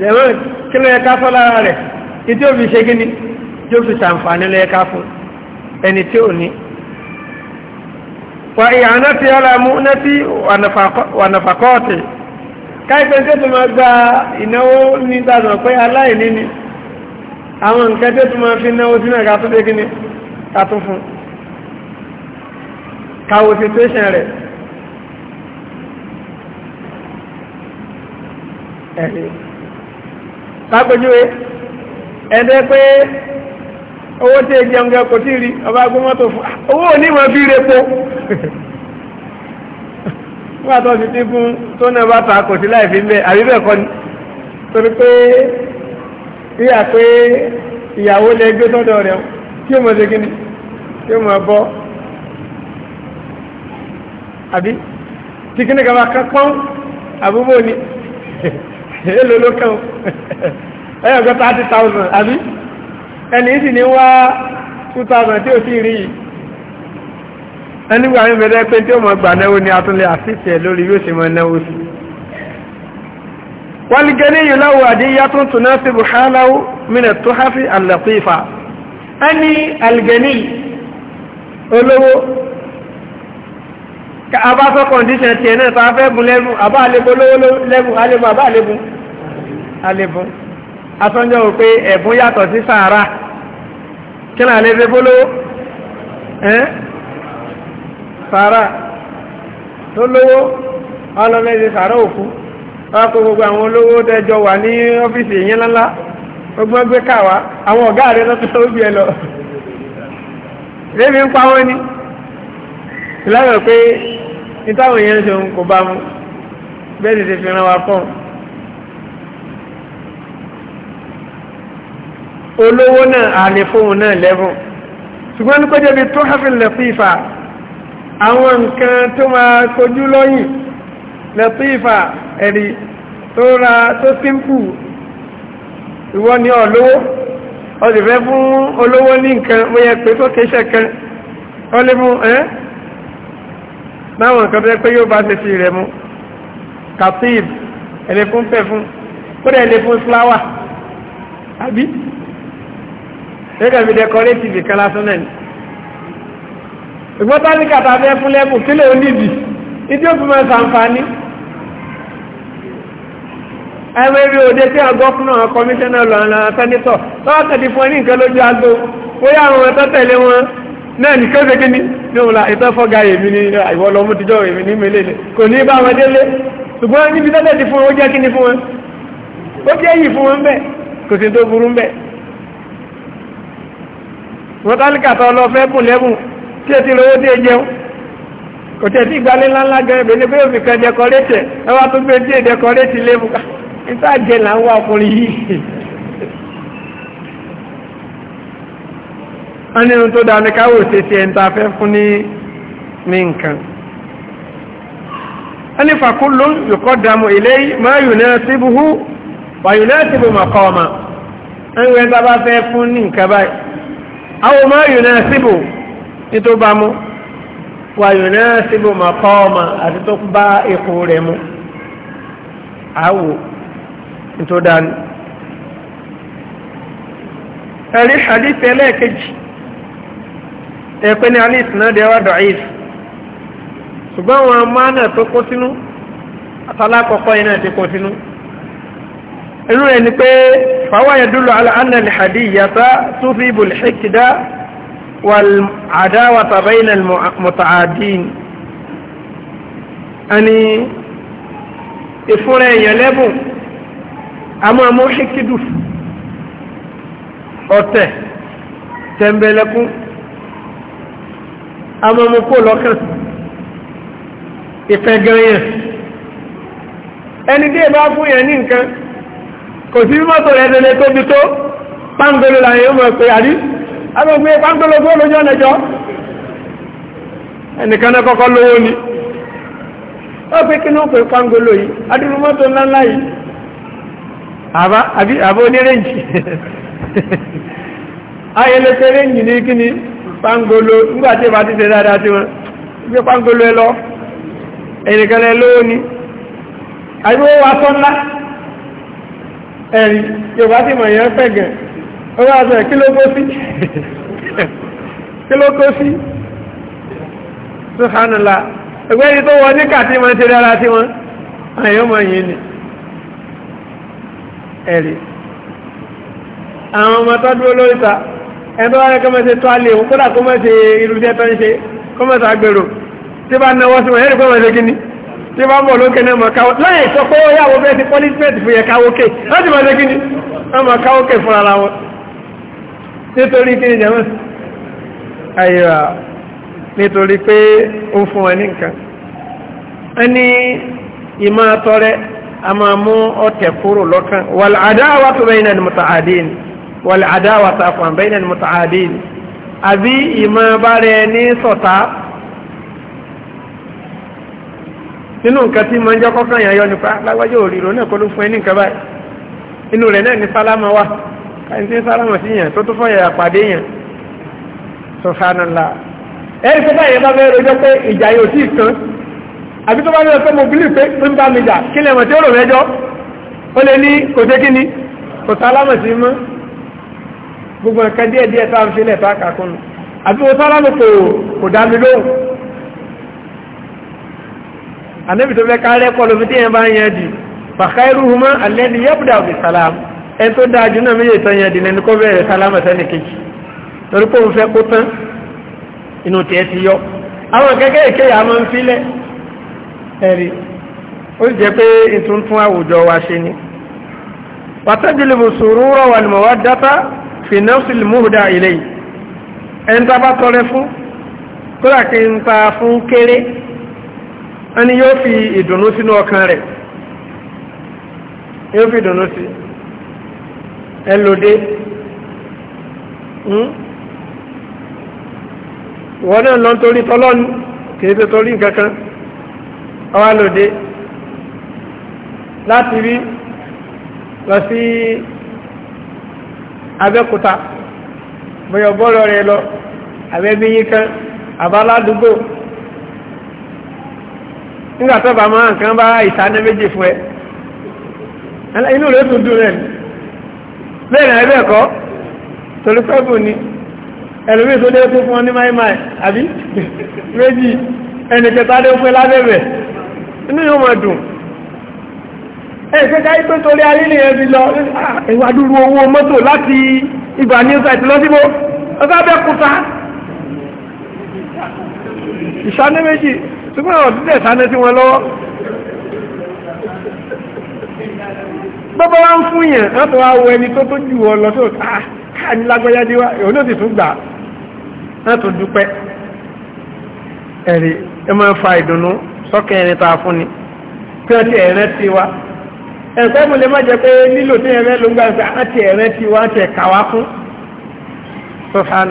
jẹ̀wọ́n kí ló yẹ ká fọ́ rẹ̀ ìdí òfin ṣe gíní tí fi ṣàǹfààní ló ká fún ẹni tí ò ní wà ìyànà ti alamu nẹ́tí wànàfàkọ́ọ̀tì káìpẹ́ tí ó tún máa gba ìnáwó ní ìdájọ́ pé aláìní ni àwọn nǹkan tí ó tún máa fi náwó sínú ẹ̀ka tó dégí ni kàtún fún kàwò situation rẹ̀ ẹ̀rí lápẹjúwe ẹ̀dẹ́ pé owó tí èjẹun gẹ kò tí rí ọba agbó mọ́tò fún ah, owó òní mọ̀ fi rẹ po nígbà tó ti ti fún tó náà bá ta kò sí láì fi bẹ́ẹ̀ àbí bẹ́ẹ̀ kọ́ ni torí pé ìyá pé ìyàwó lè gbé sọ́dọ̀ rẹ̀ kí o mọ̀ ṣe kí ni kí o mọ̀ bọ́ àbí tí kí ni kàbá kápọ́n àbúgbò ni èlò ló kàn ẹ̀yọ̀gọ́ 30,000 àbí ẹni sì ní wá 2000 tí ó sì rí ẹnigbà ń bẹ̀rẹ̀ pé tí ó mọ̀ gbà náwó ni a tún lè àfíṣẹ́ lórí yóò ṣe mọ̀ náwó sí wọ́n ní gẹ́ ní ìlọ́wọ́ àdíyá tún tún náà sí buháláwó mínà tó háfí àlàpífà ẹni algeni olówó abáfẹ́ kọ̀ndíṣẹ̀ tiẹ̀ náà tàbẹ́ bùn lẹ́bùn àbá àlebùn olówó lẹ́bùn àlebùn àbá àlebùn àlebùn atọ́jọ́ wò pé ẹ̀bùn yàtọ̀ sí sàárà kí náà lè fẹ́ bóló ẹ́n sàárà tó lówó ọlọ́mẹ́sẹ̀ sàárà òkú ọkọ̀ gbogbo àwọn olówó tẹjọ wà ní ọ́fíìsì ìyẹn lánlá gbogbo gbé káwa àwọn ọ̀gá rẹ̀ lọ́tọ́ ó bí ẹ lọ olówó náà àlè fóun náà lẹ́bùn ṣùgbọ́n ní kọjọ́ bí tó hafin lẹ́fífà àwọn nǹkan tó máa kojú lọ́yìn lẹ́fífà ẹ̀rí tó ra tó símpù ìwọ ni olówó ọdìfẹ́ fún olówó ní nǹkan ó yẹ pé tó kéṣẹ́ kan ó lé mú gẹ́gẹ́ bí dẹkọrétìfì kan lásán náà ni ìgbọ́ta ní kàtà fẹ́ fún lẹ́bùn kí lè ó níbi ìdí òfin mọ́ sàǹfààní ẹwẹ́ òde tí ọgọ́fúnà kọmíṣánná lọ àwọn sẹ́nitọ̀ tó tẹ̀lé la ìtọ́ fọ́gà èmi ní ìwọ lọ́mú tíjọ́ èmi ní mélèlè kò ní bá wọn délé ṣùgbọ́n níbi tẹ́tẹ̀ fún wọn ó jẹ́ kíní fún wọn ó jẹ́ yìí fún wọn bẹ́ẹ̀ kò sí tó burú bẹ́ẹ̀ mọ́tálíkà tó lọ fẹ́ bùn lẹ́bùn tí ẹ ti lówó tí ẹ jẹun kò tẹ̀ sí ìgbálẹ̀ ńláńlá gan ẹ̀bẹ̀ ni pé òfin kan dẹkọrétẹ̀ ẹ wá tó gbé tí ẹ dẹkọrétì lẹ́bùn ká níta jẹ là ń wá ọkùnrin yìí. wọ́n ní ohun tó dáa ni káwọ́ òṣèṣe ẹ̀ ń ta fẹ́ fún ní ní nǹkan ẹni fàkúlùm yòkọ́ dámù ilé máa yù náà síbúhú wà yù náà síbú màkọ́ ọmọ ẹni wẹ́n tá bá fẹ́ fún ní nǹkan báyìí àwọn ọmọ yunẹ́sìbò ní tó bá mú wà yunẹ́sìbò mà kọ́ ọmọ àti tó bá ipò rẹ̀ mú àwò ní tó dání ẹ̀rí hadith ẹlẹ́ẹ̀kejì ẹ̀pẹ́ ní alẹ́ ìsìnà dẹ́wà dọ̀íf ṣùgbọ́n wọn máa náà tó kó sínú àtàlákọ̀ọ́kọ́ yìí ti kó sínú irú rẹ̀ ni pé fàwọn yadullu ala anna al-hadiyyata tufibu al-hikda wal-adawata bayna al-muta'adin ẹni ìfúnra èèyàn lẹ́bùn a máa mú ṣíkídù ọ̀tẹ̀ tẹ̀m̀bẹ̀lẹ̀kún a kó lọ́kàn ìfẹ̀gẹ̀rẹ̀ ẹni dé bá fún yẹn nǹkan kò sí mọ́tò rẹ̀ lẹ́lẹ́ tó tó pangolo làwọn èèyàn mọ̀ pé agbègbè pangolo tó lójú ọ̀nà ẹnìkan náà kọ́kọ́ lówó ni ó pé kí pangolo yìí mọ́tò ńláńlá yìí àbá ní kí ni ti ṣe dáadáa ẹnìkan ni ẹ̀rí yorùbá sì mọ̀ èèyàn pẹ̀ gan ó wá sọ kí ló kó sí kí ló kó sí subhanallah ẹgbẹ́ yìí tó wọ ní kàtí máa ń ṣe dára sí wọn àyàn mọ̀ yìí ni ẹ̀rí àwọn ọmọ tó dúró lórí ta ẹni tó wá rẹ̀ kọ́ mọ́ ṣe tó alẹ́ òun kódà tí bá bọ̀ lókè náà mọ̀ káwọ́ láyé sọ pé ó yàwó bẹ́ẹ̀ ti pọ́lísímẹ́ǹtì fún yẹ káwókè láti máa lẹ́kí ni wọ́n máa káwókè fún ara wọn nítorí kí ni jẹ́mọ́ àyíwá nítorí pé ó fún wọn ní nǹkan ẹni ìmọ̀ àtọrẹ a máa mú ọ̀tẹ̀ kúrò lọ́kàn wal adawatu bayna al muta'adin wal adawatu afwan bayna al muta'adin àbí ìmọ̀ bá rẹ ní sọ̀tá nínú nǹkan tí ma ń jẹ́ kọ́kàn yàn yọ nípa lágbájọ́ òrìrò náà kọ́ ló fún ẹni nǹkan báyìí inú rẹ̀ náà ní sálámà wà káyìn tí ń sálámà sí yàn tó tó fọ́yà àpàdé yàn subhanallah ẹ̀rí tó báyìí bá bẹ́ẹ̀ rojọ́ pé ìjà yóò tí ì tán àbí tó bá bẹ́ẹ̀ pé mo bílì pé ń bá mi jà kí lẹ́mọ̀ tí ó rò mẹ́jọ́ ó lè ní kò sé kí ni kò sálámà sí mọ́ gbogbo nǹkan díẹ̀díẹ̀ tá à ń filẹ̀ tá à kàkún anabi tó fẹ́ kárẹ́ kọ́ lómi tí yẹn bá ń yẹn di bàkàrú huma alẹ́ni yẹ́bùdà òbí sálám ẹni tó dáa jù náà méjèèjì tán yẹn di lẹ́ni kó bẹ̀rẹ̀ sálám ẹ̀sẹ́ni kejì torí pé òun fẹ́ kó tán inú ti yọ àwọn kẹ́kẹ́ èké yà á máa ń filẹ̀ ẹ̀rí ó sì jẹ́ pé wa ṣe ni wàtẹ́jìlìmù sùúrùrọ̀ wà ní mọ̀wá dátà fìnẹ́sìlì múhùdá ilé yìí ẹni tá bá tọrẹ fún kódà kí n ta fún kéré ẹni yóò fi ìdùnnú sínú ọkàn rẹ̀ yóò fi ìdùnnú sí ẹlòdé hmm? wọ́n náà lọ torí tọ́lọ́nù kìí tó torí nkankan ọwá lòdé láti rí lọ sí Abẹ́òkúta bọ́yọ̀ bọ́ọ̀lọ́ rẹ̀ lọ àbẹ́bí yín kan nígbà tó bá máa nǹkan bá ìtaná méjì fún ẹ inú rẹ̀ tó dùn rẹ̀ bẹ́ẹ̀ náà ẹgbẹ́ ẹ̀kọ́ tolúkọ́bù ni ẹlòmí tó dé fún fún ọ ní máìmáì àbí méjì ẹnìkẹta dé fún lábẹ́bẹ̀ inú yóò máa dùn ẹ̀ẹ́kẹ́kẹ́ pé torí ayé ni ẹ fi lọ ah, ìwà dúró owó mọ́tò láti ìgbà ní ọ̀sà ìtìlọ́síbó ọ̀sà bẹ́ẹ̀ kúta ìṣànú méjì ṣùgbọ́n àwọn òdílẹ̀ sáné sí wọn lọ́wọ́ bọ́bọ́ wá ń fún yẹn wọ ẹni tó tó jù ọ lọ tó ah, káà ní lágbọ́yá dé wá òun tún gbà ẹni ta fún ni kí wọ́n ti ẹ̀rẹ́ ti wá ẹ̀kọ́ mo lè má pé nílò tí ẹ̀rẹ́ ló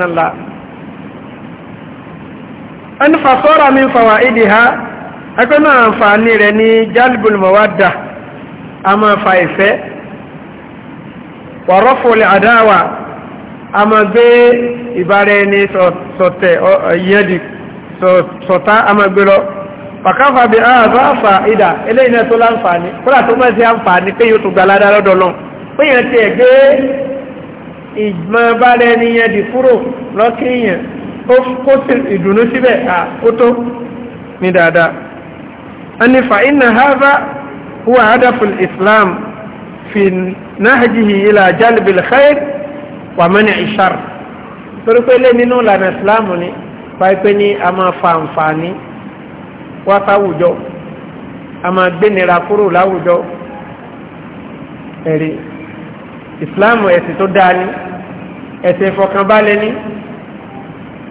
ń ẹni fàṣọ́ra mi fàwà ìdí ha ẹgbẹ́nà àǹfààní rẹ̀ ní jalbul mawadda a ma fa ìfẹ́ wa raful adawa a ma gbé ìbára ẹni sọ̀tẹ̀ yẹ́dì sọ̀tá a ma gbé lọ pàkáfà bí a bá fà ìdá eléyìí náà tó láǹfààní kúrò tó mọ́ sí àǹfààní pé yóò tó gbà ládá lọ́dọ̀ náà ó kó ìdùnnú síbẹ̀ à ó tó ní dáadáa ẹni fa inna hadha huwa hadaful islam fi nahjihi ila jalbil khair wa man'i shar torí pé lé nínú ìlànà islam ni báyìí pé ní a máa fa àǹfààní wá sáwùjọ a máa gbénira kúrò láwùjọ ẹ̀rí islam ẹ̀sìn tó dáa ni ẹ̀sìn ìfọkànbalẹ̀ ni.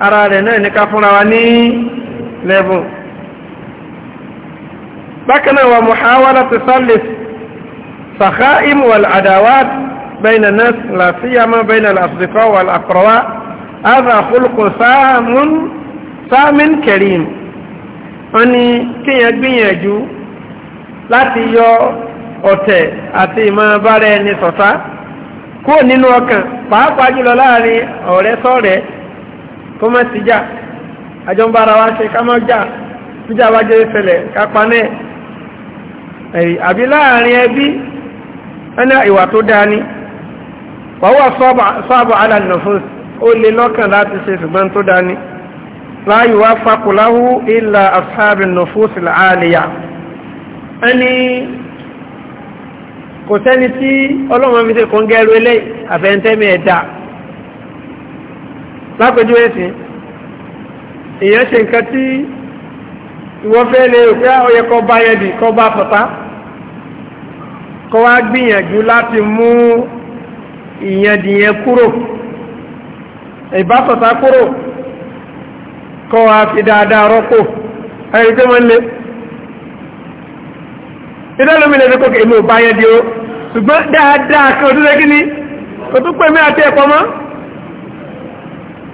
ara rẹ̀ náà ní ká fúnra wa ní lẹ́bùn bákanáà wa muhawara ti sálẹ̀ sàkà ìmúwàl àdáwà bẹ́ẹ̀nà náà làfíyàmá bẹ́ẹ̀nà àsìkò wà àkọ̀rọ̀wá áza àkúlùkù sáàmìn kẹrìm wọ́n ni kíyàn gbìyànjú láti yọ ọ̀tẹ̀ àti ìmọ̀ bára ẹni ṣọ̀tá kúrò nínú ọkàn pàápàá jùlọ láàrin ọ̀rẹ́ kó má sí jà àjọ ń bára wa ṣe ká má jà jíjà bá jẹ́ ìṣẹ̀lẹ̀ ká panẹ́ ẹ̀rí àbí láàrin ẹbí ẹni ìwà tó dáa ni wàhùwà sọ́ọ̀bù alànàfọ́s ó lè lọ́kàn láti ṣe ṣùgbọ́n tó dáa ni láàyè wá ilà asáàbì lápẹjú ẹ̀sìn ìyẹn ṣe nǹkan tí ìwọ́n fẹ́ lè pé ah, ó yẹ kọ́ bá yẹn dì kọ́ bá fọ̀tá kọ́ wá gbìyànjú láti mú ìyẹn dìyẹn kúrò ìbáfọ̀tá kúrò kọ́ wá fi dáadáa rọ́pò ẹ̀rí pé wọ́n lé ìdálómi lè dẹ́kọ̀ọ́ kí èmi bá yẹn di o ṣùgbọ́n dáadáa kan tún lé kí ni kò tún pè mí àti ẹ̀kọ́ mọ́.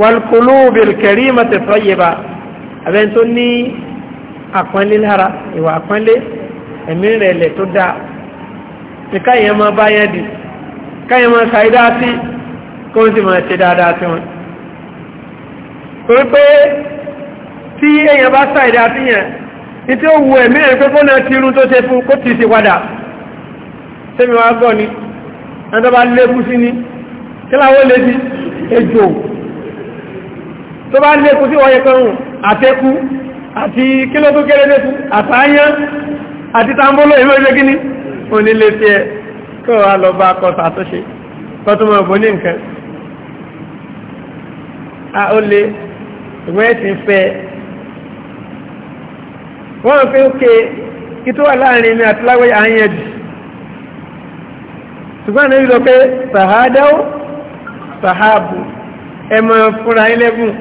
والقلوب الكريمة الطيبة abẹ́ni tó ní àpọ́nlé lára ìwà àpọ́nlé ẹ̀mí rẹ̀ lẹ̀ tó dáa ní káyẹ̀ máa bá yẹn dì káyẹ̀ máa ṣàìdá sí kó ń sì máa ṣe dáadáa sí wọn torí pé tí èyàn bá ṣàìdá sí yẹn ní tí ó wu ẹ̀mí rẹ̀ pé fónà ti irun tó ṣe fún kó ti ṣe padà sẹ́mi wá gbọ́ ni ẹni tó bá lékú sí ni kí láwọ́ lé sí ejò tó bá lékú sí wọ́yẹ kan àtẹ́kú àti kílò tó kéré lékú àtàyán àti tambolo ìmọ̀ ìṣẹ́ gíní onílé tí ẹ kọ́ wá lọ bá kọ́ sàtúnṣe kọ́túnmọ̀ ìbò ní nǹkan a ó lé ìwọ́n ẹ̀sìn fẹ́ wọ́n pé ó ẹmọ fúnra ilẹ́gùn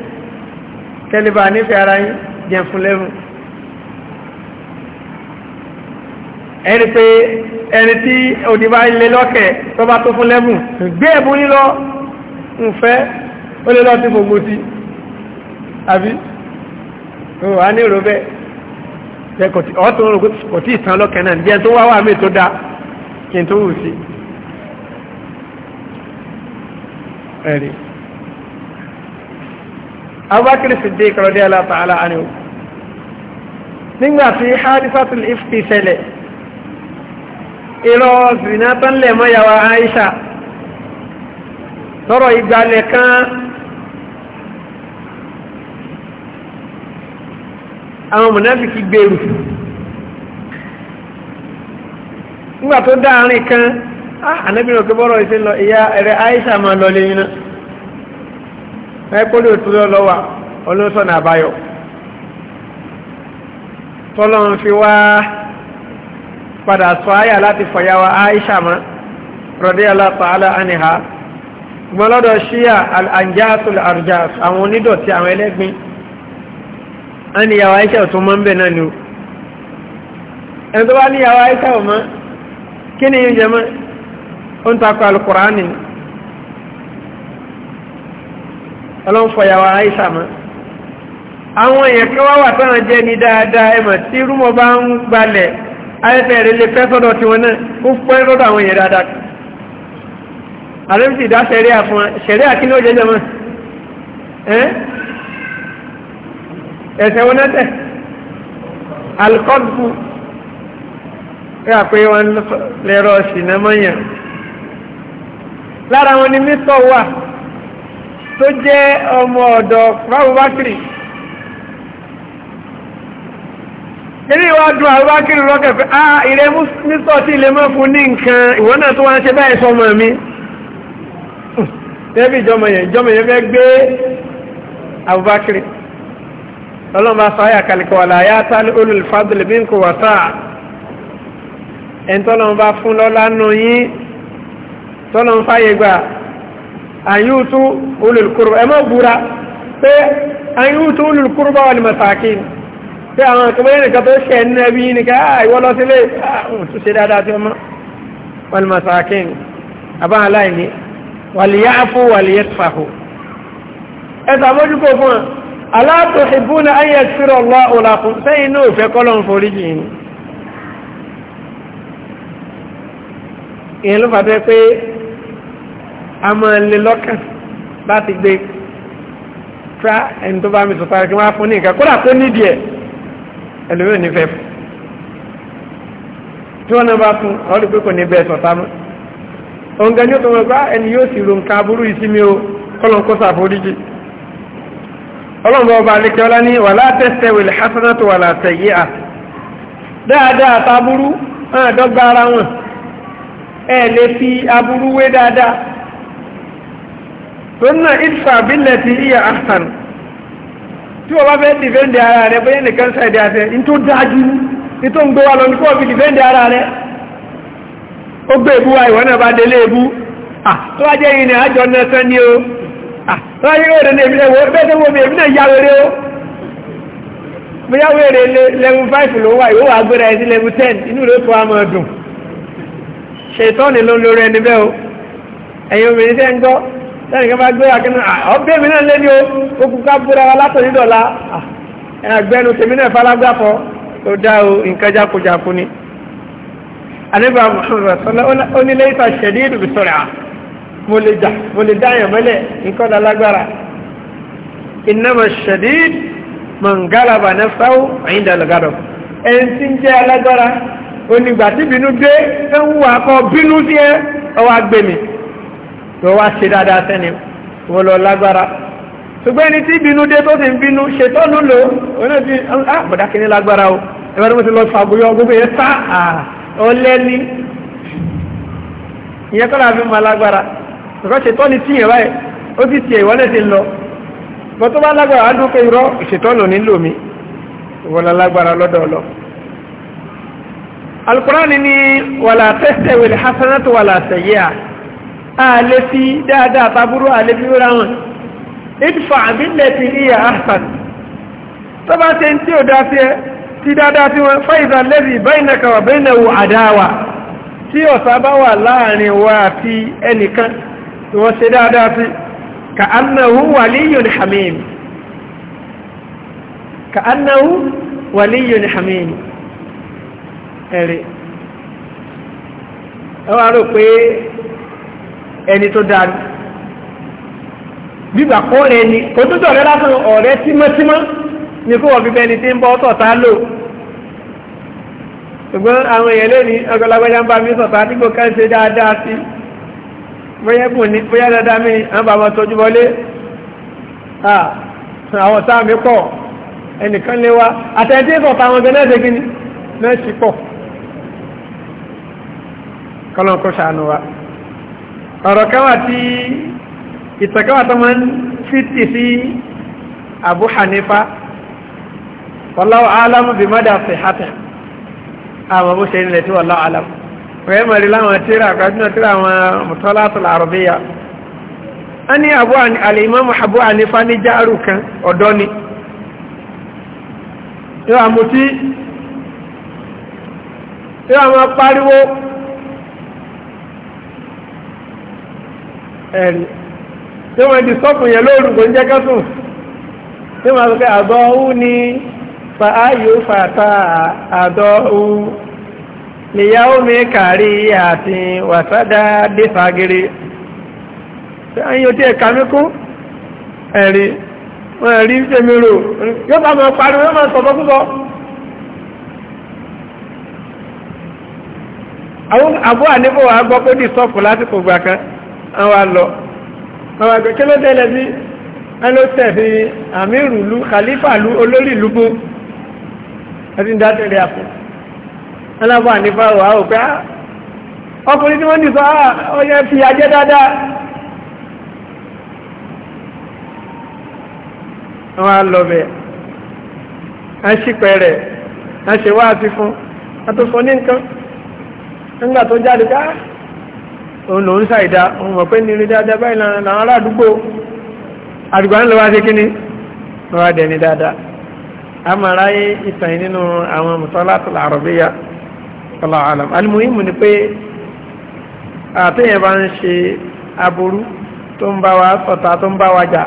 kẹlẹ́bà nífẹ̀ẹ́ ara yín jẹun fún lẹ́rùn ẹni pé ẹni tí òdì bá lé lọ́kẹ̀ tó bá tó fún lẹ́rùn gbé ẹ̀bùn yín lọ ń fẹ́ ó lé lọ sí gbogbo sí àbí òun wà ní ìró bẹ́ẹ̀ jẹ ọtún rògbò kò tí ìtàn lọ́kẹ̀ náà jẹ tó wá wà mí tó dá kí n tó wù sí ẹ̀rí abubakar siddiq radiyallahu ta'ala anhu nígbà tí hadisatul ifti ṣẹlẹ̀ irọ́ zina tán lẹ̀ mọ́ yàwá aisha lọ́rọ̀ ìgbàlẹ̀ kan àwọn mọ̀náfíkì gbèrú nígbà tó dáa rìn kan ah anábìnrin òkè bọ́rọ̀ ìṣe lọ ìyá ẹ̀rẹ̀ aisha máa lọ lẹ́yìn náà ẹkọlẹ òtúlọ lọwà ọlọsọnà àbáyọ tọlọ ń fi wá padà sọ àyà láti fọyàwá Aisha ma radiyallahu ta'ala anha gbọ́lọ́dọ̀ ṣíyà al'anjáàtùl arjáàtù àwọn onídọ̀tí àwọn ẹlẹ́gbin a ni yàwó Aisha tó mọ́ ń bẹ̀ náà ni ó ẹni tó bá ní yàwó Aisha ọmọ kí ni yíò mọ́ ọlọ́run fọyàwó àìsà mọ́ àwọn èèyàn kí wá wà tánà jẹ́ ní dáadáa ẹmọ̀ tí rúmọ̀ bá ń gbalẹ̀ ayẹ́fẹ́ rẹ̀ lè fẹ́ sọ́dọ̀ tí wọn náà ó fẹ́ sọ́dọ̀ àwọn èèyàn dáadáa àrẹ́mìtì dá sẹ̀ríà fún wa sẹ̀ríà kí ní ó jẹ́ jẹ́ mọ́ ẹ̀sẹ̀ wọn náà tẹ̀ alikọ́dù ẹ àpé wọn lẹ́rọ̀ sí náà mọ́yàn lára wọn ni mítọ̀ wà tó jẹ́ ọmọ ọ̀dọ̀ fáwọ́bákìrì ah, ilé wa dùn àwọ́bákìrì lọ́kẹ̀fẹ́ ah ilẹ̀ mísọ̀ tí ilẹ̀ mọ́ fún ní nǹkan ìwọ́n náà tó wá ń ṣe báyìí sọmọ mi tẹ́bí ìjọmọ̀ yẹn ìjọmọ̀ yẹn fẹ́ gbé àwọ́bákìrì ọlọ́mà sọ́yà kàlìkọ̀ wà láyá tálí olùfàdùlẹ̀ bí n kò wà àyútú olùkúrò ẹmọ́ búra pé àyútú olùkúrò bá wà ní masakin pé àwọn akẹ́bẹ́ yẹn nìkan tó ṣẹ̀ ní ẹbí yìí nìkan àìwọ́ lọ sílé tó ṣe dáadáa tí ọmọ wà ní masakin àbá aláìní wàlìyá àfó wàlìyá tfàhó ìyẹn ló fàtẹ́ pé a máa lè lọ́kàn láti gbé tra ẹni tó bá mi sọ̀tọ̀ àrẹ́kí wọ́n á fún ní nǹkan kódà tó nídìí ẹ̀ ẹlòmíràn nífẹ̀ẹ́ fún tí wọ́n náà bá fún ọ̀rọ̀ pé kò ní bẹ́ẹ̀ sọ̀tá mọ́ ọ̀ǹgá ní ó tó wọ́n gbá ẹni yóò sì ro nǹkan aburú ìsinmi o kọ́lọ̀n kó sàforíjì ọlọ́mọ ọba tó ń náà ìfà bílẹ̀ ti iya ahsan tí wọ́n bá fẹ́ dìfẹ́ndì ara rẹ̀ bóyá nìkan ṣàìdí àṣẹ ní tó dájú ní tó ń gbé wa lọ ní kó fi dìfẹ́ndì ara rẹ̀ ó gbé ebú wa ìwọ́n náà bá délé ebú tó wá jẹ́ yìí ni àjọ náà sán ní o ráyé ó rẹ̀ ní èmi náà bẹ́ẹ̀ tó wọ́n mi èmi náà yá wéré o mo yá wéré level five ló wà ìwọ́ wà gbéra ẹ̀ sí level ten inú rẹ̀ fọ́ àmọ́ dùn ṣètọ́ni ló ń lórí ẹni bẹ́ẹ̀ o ẹ̀yin obìnrin tẹ́ ń gbọ́ lẹ́yìn kan bá gbé akínú ah, ọ̀bẹ́ mi náà lé ní o kókù ká búra wa látọ̀ nídọ̀ la ah, ẹgbẹ́nu tèmi náà falágbàfọ́ tó dá o nǹkan jákujàku ni. àníbà Muhammad sọlá ó ní lẹ́yìn tó ṣẹ̀dí ìdùbí sọ̀rọ̀ à mo lè jà mo lè dáyàn mọ́lẹ̀ nǹkan ọ̀dà lágbára. ìnáwó ṣẹ̀dí mọ̀ngálàbà náà fáwọ́ àyíǹda lọ́gàdọ̀ ẹni tí ń jẹ́ alágbára onígbà bínú dé tó wá ṣe dáadáa sẹ́ni wọ́n lọ lágbára ṣùgbọ́n ẹni tí bínú dé tó sì ń bínú ṣètọ́nù lò oníbi àbùdá ah, kìíní lágbára o ẹgbẹ́ tó ti lọ fàbúyọ gbogbo yẹn sá ọlẹ́ni ìyẹn kọ́lá fi máa lágbára ṣùgbọ́n ṣètọ́nù tí yẹn báyìí ó ti tiẹ̀ ìwọ́lẹ̀ ti lọ bọ́ tó bá lágbára á dúpẹ́ irọ́ ìṣètọ́nù nílò mi ìwọ́lẹ̀ lágbára lọ́dọ̀ ọlọ́ alukurani ni wàlà tẹ́sẹ̀ wẹ̀lẹ̀ hasanatu wàlà sẹ̀yẹ́ à ààlé fi dáadáa tàbúrú ààlé fi rúra wọn ìdfà àbílẹ̀ ti ríyà ahsan tó bá tẹ́ tí ó dáa ti dáadáa tí wọ́n fáìzà lẹ́bí baynaka wa baynahu àdáwà tí ọ̀sá bá wà láàrin wa àti ẹnìkan tí wọ́n ṣe dáadáa sí ka annahu waliyyun hamim ẹ̀rẹ̀ ẹwà rò pé ẹni tó dáa bíbà kọ́ rẹ kò tó dọ̀rẹ́ lásán ọ̀rẹ́ tímọ́tímọ́ ni kó wọ́n fi tí ń bọ́ sọ̀tá lò ṣùgbọ́n àwọn èèyàn lónìí ọgọlágbájá ń bá mi sọ̀tá dígbò ká dáadáa sí bóyá dáadáa mi àwọn bàbá tọ́jú wọlé àwọn ọ̀tá pọ̀ ẹnìkan lé wá àtẹ̀tí sọ̀tá àwọn ọgbẹ́ ṣe pọ̀ wa. ọ̀rọ̀ káwà tí ìtàkáwà tó máa ń fìtì sí Abu Hanifa wallahu alamu bí mọ́dà sí hátà àwọn bó ṣe nílẹ̀ tí wallahu alamu wẹ́n mọ̀rí láwọn tíra àkọ́júnà tíra àwọn mutalatul arabiyya a ní alìmọ́mù Abu Hanifa ní jáàrù kan ọ̀dọ́ ni yóò àmú tí yóò àmú pariwo Eri tí wọ́n di sọ́ọ̀pù yẹn lóru kò ń jẹ́ kẹ́sùn tí wọ́n àdọ́ ọ̀hún ni fàtà àdọ́ ọ̀hún nìyàwó mi kàrí àti wàsádà dé fagiri tí wọ́n yóò tí ẹ̀ka wọ́n rí yóò máa púpọ̀. àwọn àbúrò àníbò gbọ́ pé gbà àwọn àlọ́ àwọn àgbẹ̀kẹ́ ló tẹ́lẹ̀ sí ẹlọ́tẹ̀ fi àmírù lú khalifa lú olórí ìlú bó ẹ̀sìn dátẹ̀lẹ̀ àpò alábọ̀ ànífà wà ó pé ah, ọkùnrin tí wọ́n ní sọ ọyẹ ah, fi ajẹ́ dáadáa àwọn àlọ́bẹ̀ aṣípẹ̀ rẹ̀ aṣèwà àti fún àtòfọ́ ní nǹkan nígbà tó jáde káà òun lòun ṣàìdá òun mọ̀ pé ní ilé dáadáa báyìí làwọn ará àdúgbò àdùgbà ń lọ wá sí kíní wọ́n wá dẹni dáadáa a máa ráyé ìtàn nínú àwọn mùsọ́látàlá àrọ̀bíyà ọlá àlàm alimuhimu ni pé àtẹ̀yẹ̀ bá ń ṣe aburú tó ń bá wa sọ̀tà tó ń bá wa jà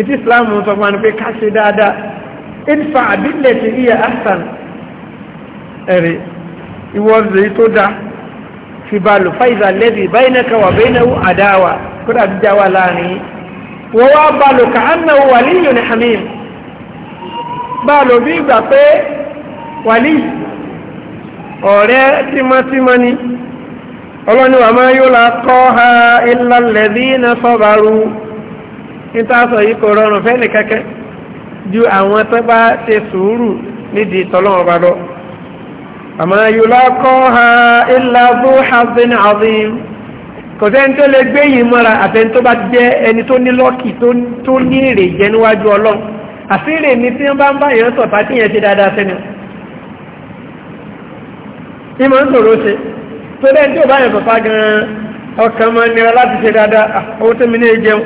ìtì islam sọ fún wa ni pé ká ṣe dáadáa ìdífà àbílẹ̀ ti iyẹ̀ ahsan ẹ̀rẹ̀ ìwọ́n fìbàlù fáìzà lẹ́bí báyínaka wà báyínáwó àdáwà kódà jíjà wà láàrin wọ́n wá bàlù ká annáwó wàlíyù ní hamim bàlù bí ìgbà pé wàlí ọ̀rẹ́ tímọ́tímọ́ ni ọlọ́niwà máa yóò la kọ́ ha ìlàlẹ́bí na sọ́bàrú nítàsọ̀ yìí kò rọrùn fẹ́ni ju àwọn tó bá ṣe sùúrù nídìí tọ́lọ́wọ́ bá àmọ́ yulaqqaha illa dhu hazzin azim kò sẹ́ni tó lè gbé yìí mọ́ra àtẹni tó bá jẹ́ ẹni tó ní lọ́kì tó ní èrè jẹ níwájú ọlọ́run àfihàn ní tí wọ́n bá ń bá yẹn sọ̀tà kí yẹn ṣe dáadáa sẹ́ni ní mọ̀ ń sọ̀rọ̀ ṣe tó lẹ́ni tó bá yẹn sọ̀tà gan-an ọkàn máa nira láti ṣe dáadáa ah, owó tó mi ní jẹun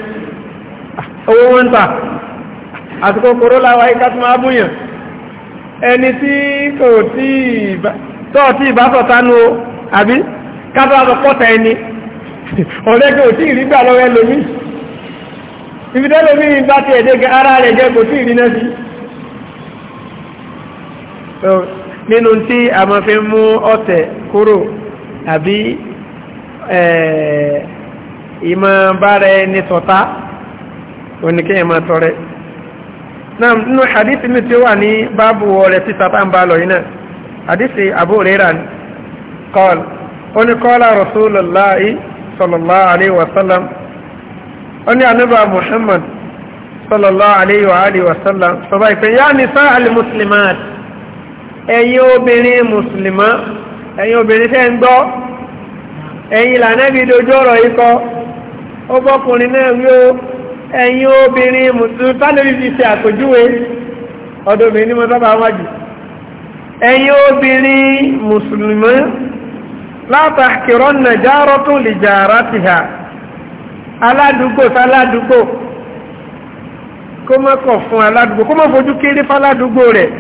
ah, ẹni tí kò tí tọ́ọ̀tí ìbásọ̀tánú o àbí kátó àtọ̀pọ̀tà ẹni ọ̀rẹ́ kò tí ìrí gbà lọ́wọ́ ẹlòmí ibi tẹ́lòmí bá ti ẹ̀dẹ́ ara rẹ̀ jẹ́ kò tí ìrí náà sí nínú tí a mọ́ fi mú ọ̀tẹ̀ kúrò àbí ìmọ̀ bára ẹni sọ̀tá oníkẹ́yẹ̀ máa tọrẹ náà nínú hadith mi tí ó wà ní báàbù ọ̀rẹ́ títà bá ń bá lọ iná hadith Abu Hurairah kọ́l ó ní kọ́lá rasulullahi sallallahu alaihi wasallam ó ní anábà muhammad sallallahu alaihi wa alihi wasallam sọ bá ìpé yá nisa al-muslimat ẹ̀yin obìnrin musulma ẹ̀yin obìnrin tẹ́ ń gbọ́ ẹ̀yin lànà bí ikọ́ ó bọ́kùnrin náà yóò ẹ̀yin obìnrin mùsùlùmí tánàbí fi ṣe àpèjúwe ọdọ́bìnrin ní mọ́sábà wájì ẹ̀yin obìnrin mùsùlùmí látàkìrọ́ nàjárọ́ tún lè jàrá ti hà aládùúgbò sáládùúgbò kó mọ́kọ̀ fún aládùúgbò kó mọ́ fojú kéré fáládùúgbò rẹ̀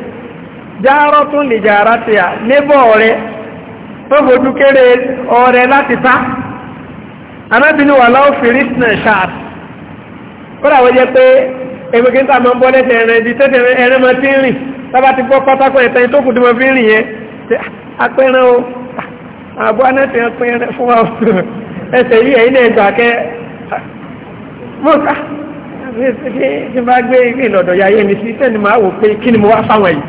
jàrọ́ tún lè jàrá ti hà níbọ̀ rẹ̀ tó fojú kéré ọ̀rẹ́ láti sá anábìnrin wà láwọ́ fìrìsìnà ṣáàtì kódà wọ́n jẹ́ pé egbègbè ń tà máa ń bọ́ lẹ́sẹ̀ ẹran ibi tẹ́tẹ̀ ẹran máa ti ń rìn tábà ti gbọ́ pátákó ẹ̀tẹ́ tó kù tí wọ́n fi ń rìn yẹn apẹ́ran ah, ah, ẹsẹ̀ ah, ya yẹn ni sí tẹ́ni máa wò pé kí ni mo wá fáwọn yìí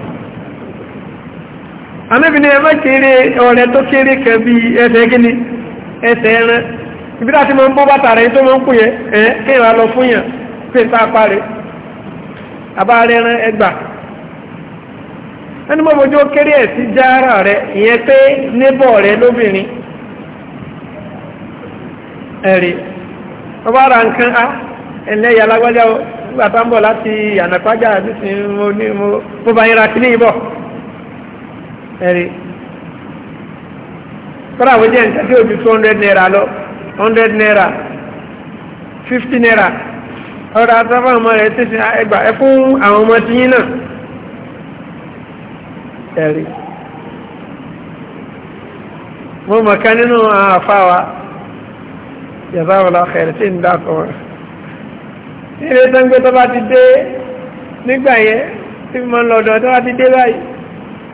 anábìnrin ẹ̀mọ́ kéré ọ̀rẹ́ tó kéré kẹ́ bí ẹran ibi láti máa ń bó bàtà rẹ̀ tó máa ń kú yẹ ẹ̀ kéèyàn lọ fún yàn pèsè apáre abárẹ́rán ẹgbà ẹni mọ́bọ̀jú ó kéré ẹ̀ sí jára rẹ̀ ìyẹn pé níbọ̀ rẹ̀ lóbìnrin ẹ̀rì ọba ara nǹkan á ah, ẹlẹ́yà alágbájá nígbà tá ń bọ̀ láti ànàpájà nísìnyí mo ní mo bá yẹra kí ní ìbọ̀ ẹ̀rì kọ́ra jẹ́ nǹkan tí ó ju two hundred naira lọ hundred naira fifty naira ọ̀rọ̀ àtàfà ọmọ rẹ̀ tí ṣe ẹgbà ẹ fún àwọn ọmọ tí yín náà ẹ̀rí mo mọ̀ká nínú àfáwa yàtọ̀ àwọn ọ̀kẹ́rẹ́ tí ń dákọ̀ rẹ̀ ilé tó ń gbé tó bá ti dé nígbà yẹn tí mo ń lọ́dọ̀ tó bá ti dé báyìí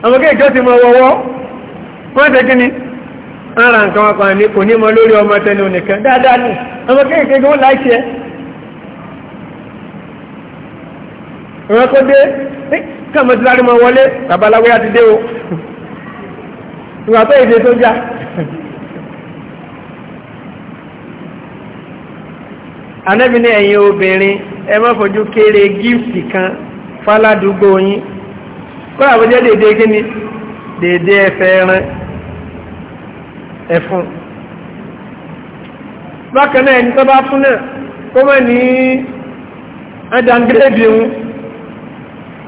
àwọn kéèkéé ó ti mọ wọ́wọ́ wọ́n tẹ́ kí ni ara nǹkan wọn ní kò ní mọ lórí ọmọ tẹnu nìkan dáadáa ni àwọn kéèkéé ó láìsí ẹ ìwọ́n kó dé kàmọ́ ti lárí mọ́ wọlé babaláwo yá ti dé o ìwà tó èdè tó já anẹ́bí ní ẹ̀yin obìnrin ẹ má fojú kéré gífì kan fáládùúgbò yín kọ́lá àbójẹ́ dèdè kíni dèdè ẹ̀fẹ́ ẹran ẹ̀fún bákan náà ẹni tó bá fún náà kó mọ̀ ní ẹ̀dàngrẹ́bì òun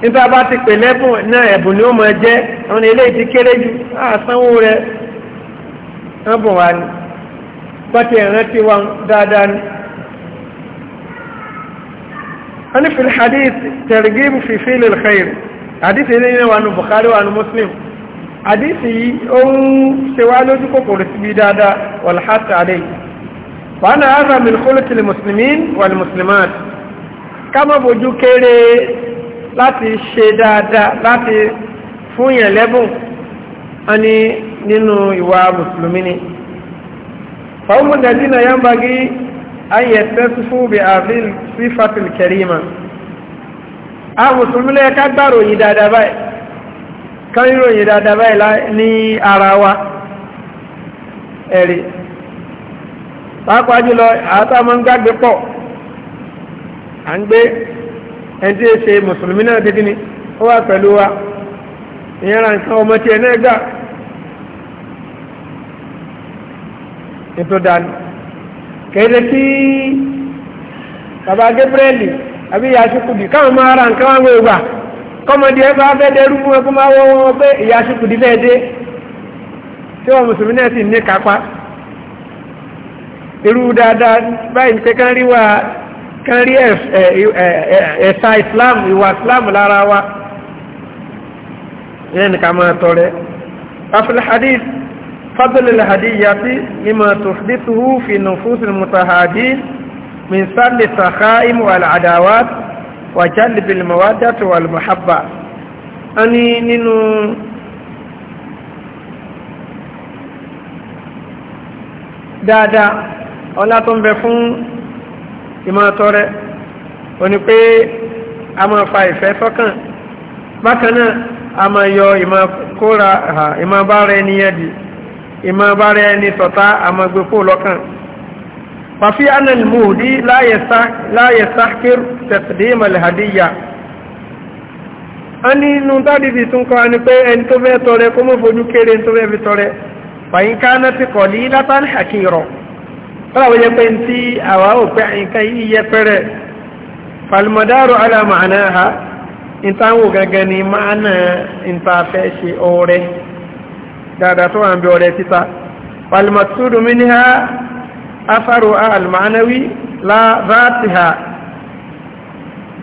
nípa bá ti pè lẹ́bùn náà ẹ̀bùn ni ó mọ̀ jẹ́ àwọn ilé ti kéré jù àsanwó rẹ̀ wọ́n bùn wá ní pàtí ẹ̀rẹ́ ti wá dáadáa ní wọ́n ni fi hadith tẹ̀rìgìbù fi fílì lẹ́yìn hadith ilé ní wà ní Bukhari wà ní Muslim hadith yìí ó ń ṣe wá lójú kòkòrò síbi dáadáa wàlhátà àdéyìí wọ́n ni àzàmìlì kólótìlì mùsùlùmí wà ní mùsùlùmáàtì láti ṣe dáadáa láti fún yẹn lẹ́bùn a ní nínú ìwà mùsùlùmí ni fàwọn mọ̀dájí na yá ń bá gí ayẹ tẹ́sí fún bí àfíl sí fatil kẹrìmà a mùsùlùmí lẹ́yẹ ká gbá ròyìn dáadáa báyìí kan ròyìn dáadáa báyìí ní ara wa ẹ̀rí pàápàá jùlọ àtàwọn gbàgbé pọ̀ à ń gbé ẹni tí ó ṣe mùsùlùmí náà dídí ni ó wà pẹ̀lú wa ìyẹn ra nǹkan ọmọ tiẹ̀ náà kedụ ètò dání kéde kí bàbá Gabriel àbí ìyá Ṣukudi káwọn máa ra nǹkan wọn gbà kọ́mọdé ẹ bá dẹrú fún ẹ máa wọ́n wọn pé ìyá Ṣukudi fẹ́ dé tí wọn mùsùlùmí náà sì ní kápá irú dáadáa báyìí pé rí kan rí ẹ̀sà islam ìwà islam lára wa yẹn ká máa tọrẹ afilhadith fadlil hadiyyati mimma tuhdithuhu fi nufusil mutahadin min salli sakhaim wal adawat wa jalbil mawaddati wal muhabba ani nínú dáadáa ọlá tó fún ìmọ̀ tọrẹ o ni pé a máa fa ìfẹ́ sọ́kàn bákan náà a máa yọ ìmọ̀ kóra ìmọ̀ bára ẹni ẹ̀dì ìmọ̀ bára ẹni sọ̀tá a máa gbé kó lọ́kàn wàfí anil muhdi láyé sákìr tẹ̀sídìmọ̀ lẹ́hàdíyà a ní inú báwo yẹ pé tí àwa ò pé nǹkan yìí yẹpẹrẹ falmadaru ala ma'anaha ìtàwò gangan ni ma'ana ìtafẹ́ ṣe ọrẹ dáadáa tó wà ń bí ọrẹ títà falmatudu minha afaru al-ma'anawi la zatiha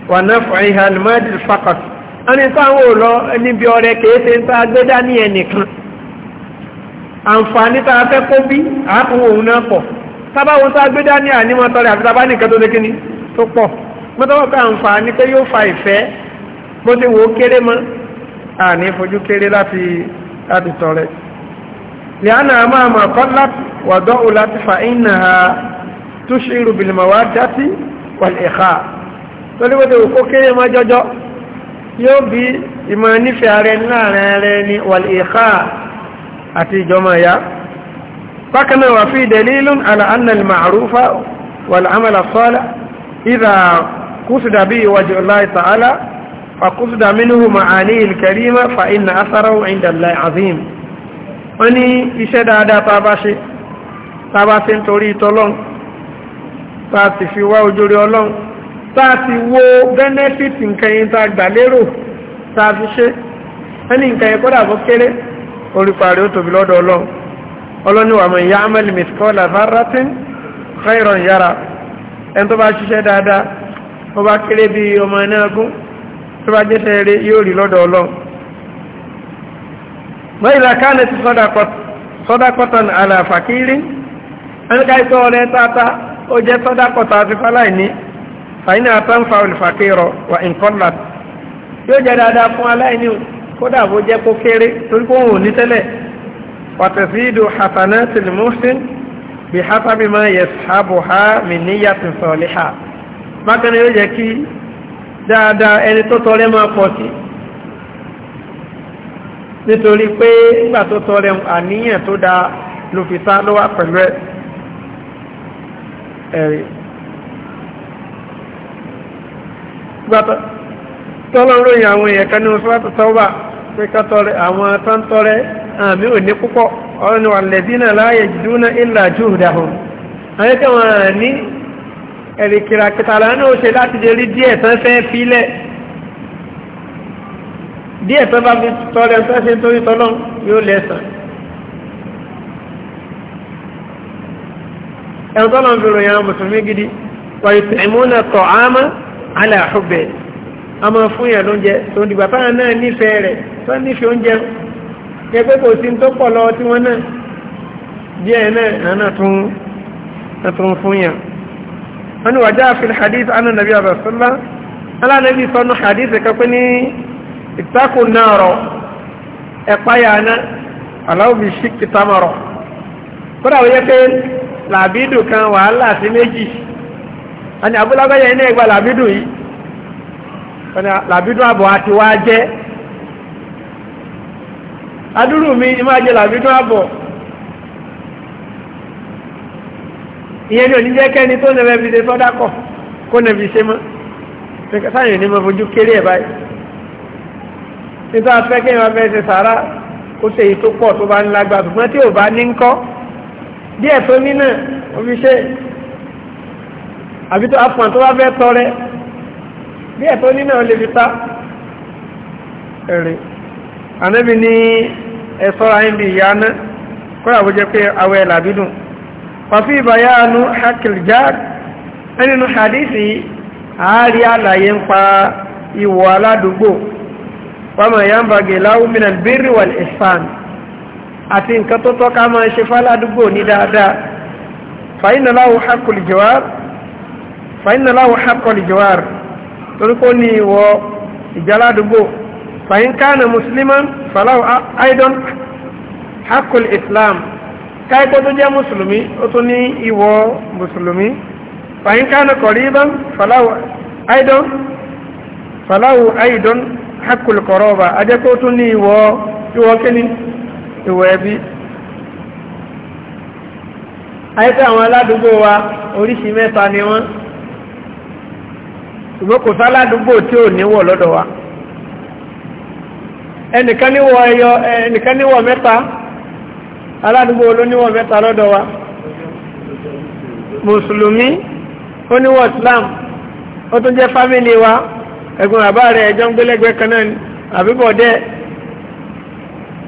wà nafu'iha al-madi faqat ẹni táwọn ò lọ níbi ọrẹ kèése ń tàà gbé dání ẹnìkan àǹfààní tàà kó bí àákùn náà pọ̀ tábà wọn tá a gbé dání ànímọ́ tọrẹ àti tábà nìkan tó ṣe kíni tó pọ̀ mọ́tọ́wọ́ pé àǹfààní pé yóò fa ìfẹ́ bó ṣe wò ó kéré mọ́ àní fojú kéré láti láti tọrẹ. lẹ́yìn àmà àmà kọ́lá wàdọ́ òlà ti fa iná ha túṣìrù bìlìmọ̀ wá jásí wàlẹ̀ ẹ̀ka torí bó ṣe wò ó kéré mọ́ jọjọ́ yóò bí ìmọ̀ nífẹ̀ẹ́ ara ẹni láàrin ara ẹni wàlẹ̀ ẹ̀ka àti ìjọmọ̀ ya bákan náà wà fi dalilun ala anna al-ma'rufa wal amal as-salih idha qusida bihi wajhu Allah ta'ala fa qusida minhu ma'anihi al-karima fa inna atharahu 'inda Allah 'azim wọ́n ní iṣẹ́ dáadáa tá a bá ṣe tá a bá ṣe ń torí tọ́lọ́n tá a sì fi wá ojúrí ọlọ́run tá a ti wo bẹ́nẹ́fìtì nǹkan yẹn tá a gbà lérò tá a fi ṣe ẹni nǹkan yẹn kódà bó kéré orí parí ó tóbi lọ́dọ̀ ọlọ́run ọlọ́niwà mọ̀ ya amẹ́lì mìtíkọ́lá faratin khairon yara ẹn tó bá ṣiṣẹ́ dáadáa ó bá kéré bí ọmọ ẹnẹ́gún tó bá jẹ́ṣẹ́ rẹ̀ yóò rí lọ́dọ̀ ọlọ́run mọ́ìlá káàlẹ̀ ti sọ́dákọ́tàn àlàfàkírí ẹnìká ìtọ́ ọ̀rẹ́ tata ó jẹ́ sọ́dákọ́tà àti fáláìní fàyínà àtàǹfà olùfàkírọ̀ wà ìkọlà yóò jẹ́ dáadáa fún aláìní kódà bó jẹ́ kó kéré torí kó hùn ní tẹ́lẹ̀ وتزيد حسنات المحسن بحسب ما يسحبها من نية صالحة bákan náà yóò jẹ́ kí dáadáa ẹni tó tọrẹ máa pọ̀ sí nítorí pé nígbà tó tọrẹ àníyàn tó dáa ló fi sá ló wà pẹ̀lú ẹ̀rí tọ́lọ́rọ̀ yìí àwọn èèyàn kan ní oṣù látọ̀tọ́ wà pé ká tọrẹ àwọn tán tọrẹ àmì ò ní púpọ̀ ọ̀nà àlẹ́dínà láàyè dúnà ìlà jùdàhùn ayẹ́kẹ́ wọn ní ẹ̀rì kìràkìtàlá náà ṣe láti lè rí díẹ̀ tán fẹ́ fílẹ̀ díẹ̀ tán bá fi tọrẹ tán ṣe torí tọ́lọ́ yóò lẹ́sàn ẹ̀rù tọ́lọ́ fi ròyìn mùsùlùmí gidi wàyí tẹ̀múnà náà nífẹ̀ẹ́ kẹgbẹ́ kò sí tó pọ̀ lọ tí wọ́n náà díẹ̀ náà náà tún fún yàn wọ́n ni wàjá fi hadith anu nabi abasala alánàbí sọ́nà hadith kẹ́kẹ́ ní ìtakùn náà rọ ẹ̀páyà náà aláwòbí sí kìtàmọ̀rọ̀ kódà wọ́n yẹ pé làbídù kan wàhálà sí méjì wọ́n ni abúlágbáyà iná ẹgbà làbídù yìí wọ́n ni làbídù àbọ̀ àti wá jẹ́ adúrú mi ni máa jẹ làbínú àbọ̀ ìyẹn ni ò ní jẹ́ kẹ́ni tó nẹ̀rẹ́ fi ṣe sọ́dákọ̀ kó nẹ̀rẹ́ fi ṣe mọ́ sáyẹn ní mọ́ fojú kéré ẹ̀ báyìí nítorí afẹ́ kí wọ́n fẹ́ ṣe sàárà kó ṣe èyí tó pọ̀ tó bá ń lágbà ṣùgbọ́n tí ò bá ní ń kọ́ díẹ̀ tó ní náà ó fi ṣe àbí tó afọ̀n tó bá fẹ́ ẹ̀rìn ànábì ní ẹ̀sọ́ra ń bí ìyáná kọ́rà bó jẹ́ pé awẹ́ làbídùn pàfí ìbáyánu hakiljar ẹninu hadithi ààrí àlàyé ń pa ìwọ̀ aládùúgbò wàmà yambage láwùmínà bírì wal ihsan àti nǹkan tó tọ́ka máa ṣe fáládùúgbò ní dáadáa fàyínà láwù فإن كان مسلما فلو أيضا حق الإسلام káyipẹ́ tó jẹ́ mùsùlùmí ó tún ní ìwọ mùsùlùmí fàyín kánà kọ̀ríban fàláwù àìdán hakùlùkọ̀rọ̀bà ajẹ́kọ́ tún ní ìwọ ìwọ kíní ìwọ ẹbí ayẹ́kọ́ àwọn aládùúgbò wa oríṣi mẹ́ta ni wọ́n ṣùgbọ́n kò sáládùúgbò tí ò níwọ̀ lọ́dọ̀ wa ẹnìkan níwọ̀ ẹyọ ẹnìkan níwọ̀ mẹ́ta aládùúgbò olóníwọ̀ mẹ́ta lọ́dọ̀ wa mùsùlùmí oníwọ̀ islam ó tún jẹ́ fámìlì wa ẹ̀gbọ́n bàbá rẹ̀ ẹjọ́ ń gbélẹ́gbẹ́ kan náà àbíbọ̀dẹ́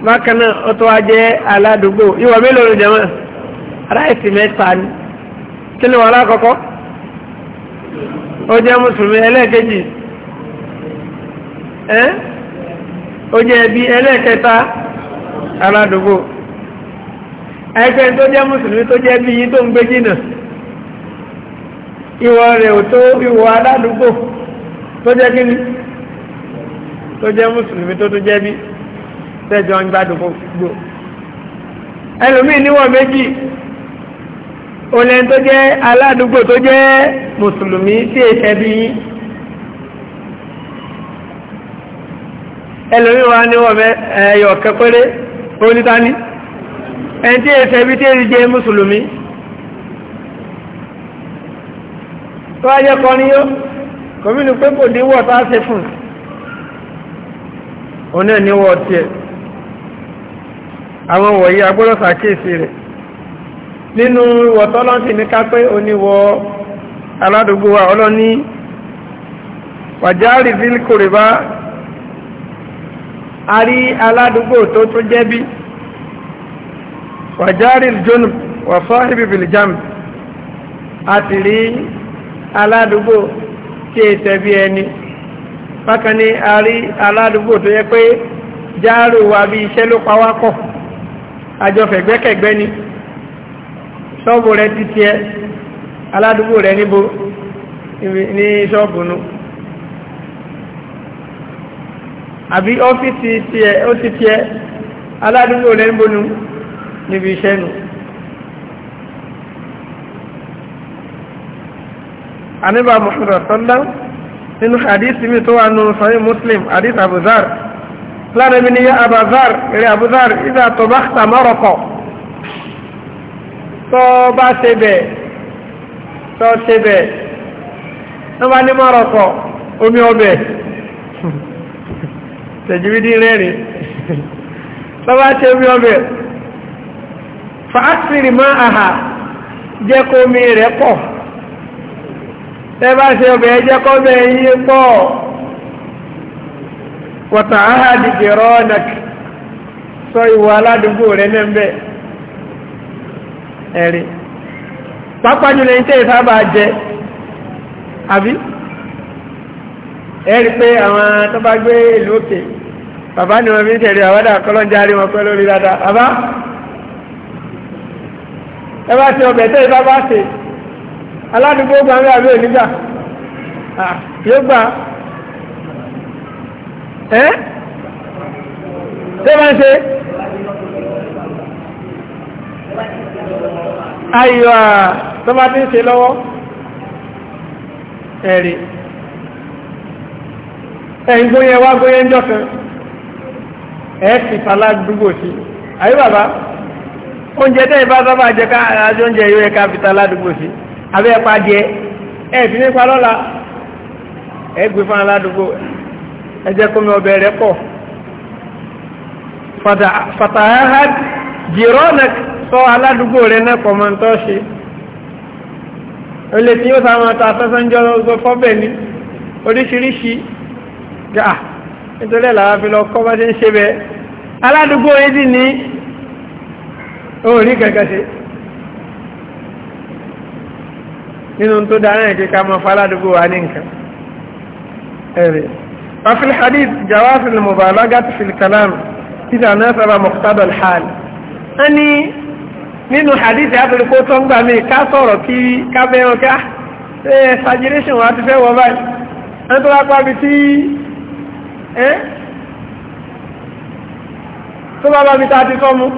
bákan náà ó tó wá jẹ́ aládùúgbò ìwọ̀ mélòó ló jẹ́ mọ́ ráìsì mẹ́ta ni kí ni wọ́n lákọ̀ọ́kọ́ ó jẹ́ mùsùlùmí ẹlẹ́ẹ̀kejì ó jẹ́ ẹbí ẹlẹ́ẹ̀kẹta aládùúgbò ẹgbẹ́ tó jẹ́ mùsùlùmí tó jẹ́ bí yí tó ń gbé jìnà ìwọ̀ rẹ̀ ò tó ìwọ̀ aládùúgbò tó jẹ́ kí ni tó jẹ́ mùsùlùmí tó tó jẹ́ bí tẹ́jọ ń gbádùn ẹlòmíì níwọ̀ méjì olè tó jẹ́ aládùúgbò tó jẹ́ mùsùlùmí tí ẹbí yín ẹlòmí wa ní wọ́n ẹ̀yọ̀ kẹpẹ́rẹ́ onítání ẹni tí ẹ̀ṣẹ̀ bí tí èrí jẹ́ mùsùlùmí tó ajẹ́ kọ́ ní yó kòmínú pé kò díwọ̀ tá a ṣe fún oní ẹ̀níwọ̀ tiẹ̀ àwọn wọ̀nyí agbọ́dọ̀ ṣàkíyèsí rẹ̀ nínú wọ̀tọ́lọ́sì ní kápẹ́ oníwọ̀ aládùúgbò wa ọlọ́ní wàjáàrí fílkùrìbá a rí aládùúgbò tó tún jẹ́ bí wàjáàrí jọ́nù wà sọ́hìbì bìlìjàm a ti rí aládùúgbò tí è tẹ̀bí ẹni bákan ní a rí aládùúgbò tó yẹ pé jáàrù wa bí iṣẹ́ ló pa wákọ̀ àjọfẹ̀gbẹ́kẹ̀gbẹ́ ni ṣọ́ọ̀bù rẹ̀ ti tiẹ̀ aládùúgbò rẹ̀ níbo ní ṣọ́ọ̀bù nù no. àbí ọ́fíìsì tiẹ̀ ó ti tiẹ̀ aládùúgbò rẹ̀ ń bonú níbi iṣẹ́ nu aníbà Muhammad sọ́lá nínú hadith mi tó wà nù sọ́yìn Muslim hadith abuzar lára mi ni yá abuzar rẹ̀ abuzar ìdá tó bá sàmọ́rọ̀kọ̀ bá ṣe bẹ̀ tó ṣe bá ní mọ́rọ̀kọ̀ omi ọbẹ̀ tẹ̀jìbìdì rẹ̀rìn lọ́wọ́ ṣe bí ọbẹ̀ fàásìrì máa àhà jẹ́ kó mi rẹ̀ pọ̀ tẹ́bá ṣe ọbẹ̀ jẹ́ kó bẹ̀ yí pọ̀ wọ̀tà áhà dìde rọ́ọ̀nàk sọ ìwà aládùúgbò rẹ̀ náà bẹ̀ ẹ̀rí pápá jùlọ ní tẹ́ ìsábà jẹ àbí ẹ̀rí pé àwọn tó bá gbé ìlú òkè bàbá ni wọ́n fi ń tẹ̀lé àwádà kọlọ́njárí wọn pẹ́ lórí dáadáa bàbá ẹ bá ti ọbẹ̀ tẹ́ ìbá bá ṣe aládùúgbò gba ń rí àbí onígbà yóò gbà ẹ́ tó bá ń ṣe ayọ̀ tó ń ṣe lọ́wọ́ ẹ̀rí ẹ̀yìn gbóyẹ wá gbóyẹ ń jọ́kan ẹ̀ fi fàlá dúgbò sí àyè bàbá oúnjẹ tẹ́ ìbá sábà jẹ ká àjọ oúnjẹ yóò si fi fàlá dúgbò sí abẹ́ ẹ̀pá jẹ ẹ̀ fi nípa lọ́la ẹ̀ gbé fún aládùúgbò ẹ jẹ́ kómi ọbẹ̀ rẹ pọ̀ fatahahad jironak sọ aládùúgbò rẹ pọ̀ mọ́ ń tọ́ ṣe olè tí yóò ta afẹ́fẹ́ ń jọ oríṣiríṣi gáà nítorí ẹ̀ làwọn fi lọ kọ́ bá ṣe ń ṣe bẹ́ẹ̀ aládùúgbò yìí dì ní orí kankan ṣe nínú tó dáná ẹ̀ kíkà mọ́ fàládùúgbò wa ní nǹkan ẹ̀rẹ̀ wàfíl hadith jawaz al-mubalaghah fil kalam idha nasaba muqtada al-hal a ní nínú hadith àtòlùkó tó ń gbà mí ká sọ̀rọ̀ kí ká bẹ́ẹ̀ ah, ṣe saturation wa ti fẹ́ wọ báyìí ẹ́ tó bá bá bí ta ti sọ́mú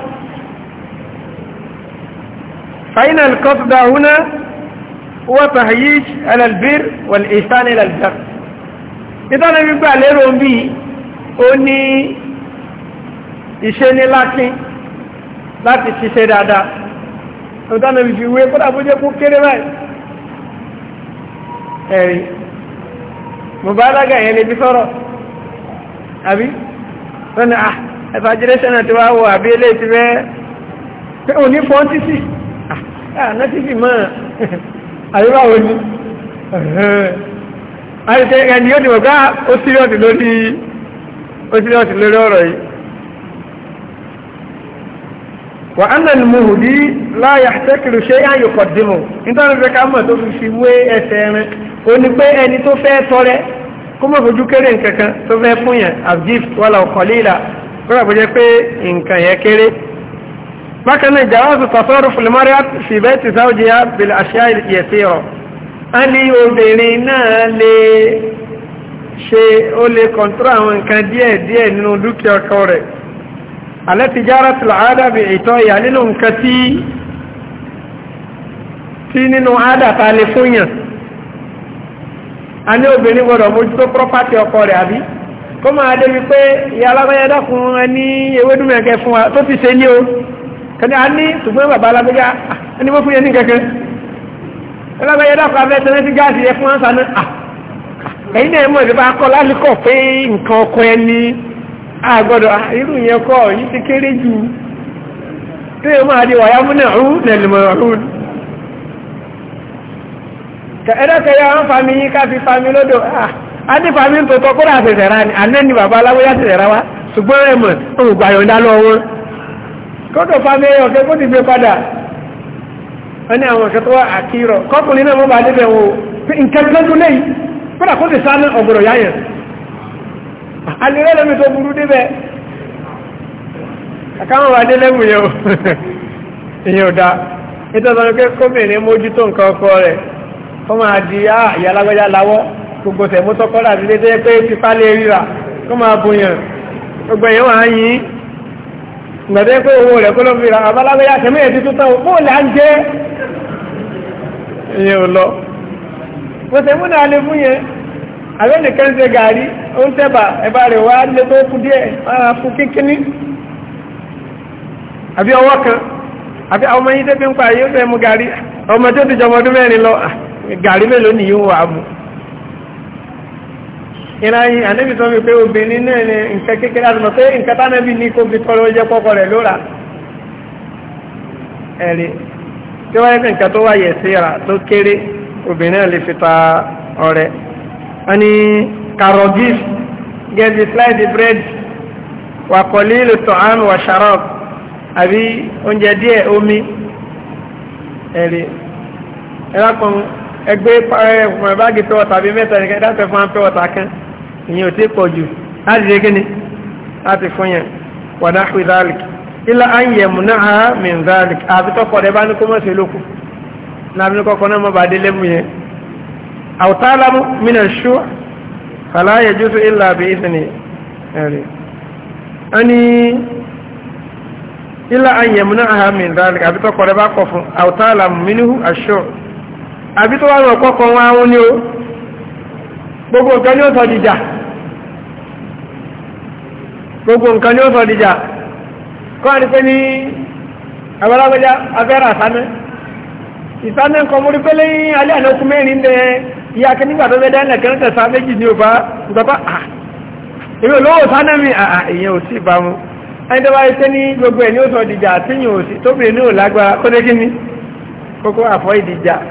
final cut down wọ́n tahayish alalbir wal ihsan ilalbar ìtọ́nà gbígbà lérò ń bí ó ní ìṣe ní lákín láti ṣiṣẹ́ dáadáa ìtọ́nà ìfi wé kódà bó jẹ́ kó kéré báyìí ẹ̀rí mọ̀bálága yẹn lè bí sọ́rọ̀ àbí lọ́nà à exaggeration àti wá wọ àbí ilé ti rẹ́ pé òní fọ́n títì àná títì mọ́ àríwáwò ni àìsẹ́ ẹni yóò dìbò ká ó síríọ̀tì lórí ó síríọ̀tì lórí ọ̀rọ̀ yìí wà á nà lùmùhù dí láyà tẹ́kìlù ṣe àyòkọ̀ dìmọ̀ nítorí pé ká mọ̀ tó fi fi wé ẹsẹ̀ rẹ̀ ó ní pé ẹni tó fẹ́ tọrẹ kó mọ̀ fojú kéré nkankan tó fẹ́ fún yẹn abdif wàlà ọ̀kọ̀lélà kọ́ra bó jẹ́ pé nkan yẹn kéré bákan náà jàwáàsù tàṣọ́rù fìlímọ́rẹ́ fìbẹ́ ti sáwọ́jì yá bìlà àṣà ìyẹ̀sí ọ̀ a ní obìnrin náà lè ṣe ó lè kọ̀ntúrà àwọn nǹkan díẹ̀ díẹ̀ a ní obìnrin gbọ́dọ̀ mójútó property ọkọ rẹ̀ àbí kó máa débi pé ìyá alágbáyá dákun ẹni fún wa tó ti ṣe ní o kẹ́ni a ní ṣùgbọ́n bàbá alágbáyá ẹni mo fún yẹn ní kẹ́kẹ́ alágbáyá dákun abẹ́tẹ́lẹ́sí gáàsì yẹ fún àǹsà náà ẹ̀yìn náà mọ̀ ìdíbà akọ́ lálùkọ̀ pé nǹkan ọkọ ẹni àgbọ̀dọ̀ irú yẹn kọ́ yìí ti kéré ẹ̀dọ́kẹ̀ yọ àwọn fami yí ká fi fami lódò ah, a ní fami tó tọ́ kó láti ṣẹ̀rá ni àná ni bàbá aláwọ̀ yá ti ṣẹ̀rá wa ṣùgbọ́n rẹ̀ mọ̀ ògbà yọ̀ǹda lọ wọn kódò fami ẹyọ kẹ kó ti gbé padà wọn ni àwọn kẹtọ́ àkírọ̀ kọkùnrin náà mọ́ bá débẹ̀ wo nǹkan gbẹ́dún ní mójútó nǹkan ọkọ rẹ̀ kọ́ máa di àyà ah, alágbẹ́já lawọ́ gbogbo tẹ̀mú tọ́kọ́ láti lé tẹ́ pé fipá lè ríra kọ́ máa bùyàn gbogbo èèyàn wà á yín gbẹ̀dẹ́ pé owó rẹ̀ kó ló fi ra abálágbẹ́já tẹ̀mú ẹ̀ tuntun tán bó là ń jẹ́ ìyẹn ò lọ mo tẹ̀mú náà lè fún yẹn àbẹ́ nìkan ṣe gàrí ó ń tẹ́bà ẹ̀bá rẹ̀ wá lé tó kú díẹ̀ máa fún kíkíní àbí ọwọ́ kan àbí àwọn ọmọ yín ti jọmọ mẹ́rin lọ gàrí mélòó nìyí wà á mú ìràyìn ànẹ́bì tó ń fi pé obìnrin náà ni nǹkan kékeré àti mọ̀ pé nǹkan tánẹ́bì ní kó fi tọrọ jẹ́ pọ́kọ rẹ̀ lóra ẹ̀rí tí wáyé pé nǹkan tó wáyé síra tó kéré obìnrin náà lè fi ta ọrẹ wọ́n ní karogis gẹ́gẹ́ fláìdì bírèdì wà kọ̀lí lè tọ̀ án wà sharab àbí oúnjẹ díẹ̀ omi ẹ̀rí ẹ̀rọ kan ẹgbẹ́ ẹ̀fọ̀n báàgì pẹ́ wọ́ta bí mẹ́ta nìkan dáṣẹ́ fún pẹ́ wọ́ta kan ìyẹn ò tí pọ̀ jù láti ṣe kíni láti fún yẹn wọ̀dá fi zalik ilá à ń yẹ̀mù náà min zalik àti tọkọ rẹ̀ bá ní kó mọ̀ṣẹ́ lókù láàbí ní kọ́kọ́ náà mọ̀ bá àbí tó wà rọ̀ pọ́kọ̀ wọn ahun ni ó gbogbo nǹkan ni ó sọ dìjà gbogbo nǹkan ni ó sọ dìjà kọ́ àti pé ní abalagbẹ́já abẹ́rẹ́ àsámẹ́ ìsámẹ́ nǹkan mo rí pé lẹ́yìn alẹ́ àná okùn mẹ́rin bẹ iye akẹ́nìgbà tó fẹ́ dá ẹ̀lẹ̀ kẹ́rẹ́tẹ̀ sá méjì ní òbá ìgbàpá à ah, èmi olówó sánẹ́mì ah, ah, àà èyàn ò sí ìbámu ẹni gbogbo ẹ̀ ní sọ dìjà àtìyàn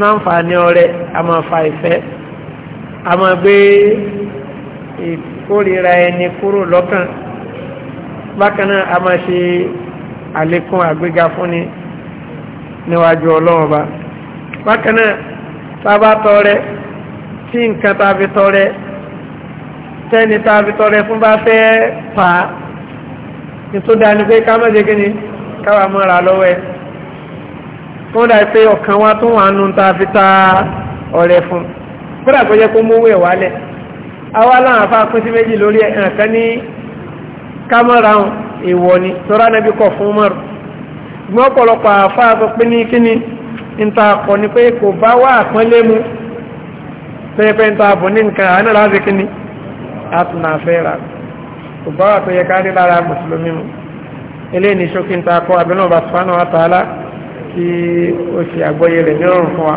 náǹfààní ọ̀rẹ́ a máa fa ìfẹ́ a máa gbé ìkórira ẹni kúrò lọ́kàn bákan náà a máa ṣe àlékún àgbéga fúnni níwájú ọlọ́run ọba bákan náà tá a bá tọrẹ tí nǹkan tá tọrẹ tẹ́ni tá tọrẹ fún bá fẹ́ fà á ní ni pé ká má jẹ́ kí ni káwa mọ́ra lọ́wọ́ ẹ̀ fọdụ dà pé ọ̀kan wa tó wà nù tá a fi ta ọ̀rẹ́ fún kódà kó jẹ́ kó mówó ẹ̀ wálẹ̀ awa láwọn afá pín sí méjì lórí ẹ̀hàn ní ni tọ́ra nẹ́bí kọ̀ fún mọ́rù ọ̀pọ̀lọpọ̀ afá sọ ni pé kò bá wà àpọ́nlé mu pẹ́ẹ́pẹ́ níta bọ̀ ní nǹkan àánà láti kíni kò bá wà tó yẹ ká tí ó ṣe àgbọ́yé rẹ̀ nírọ̀rùn fún wa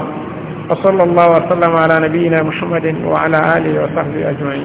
wa sallallahu wa sallama ala nabiyina muhammadin wa ala alihi wa sahbihi ajma'in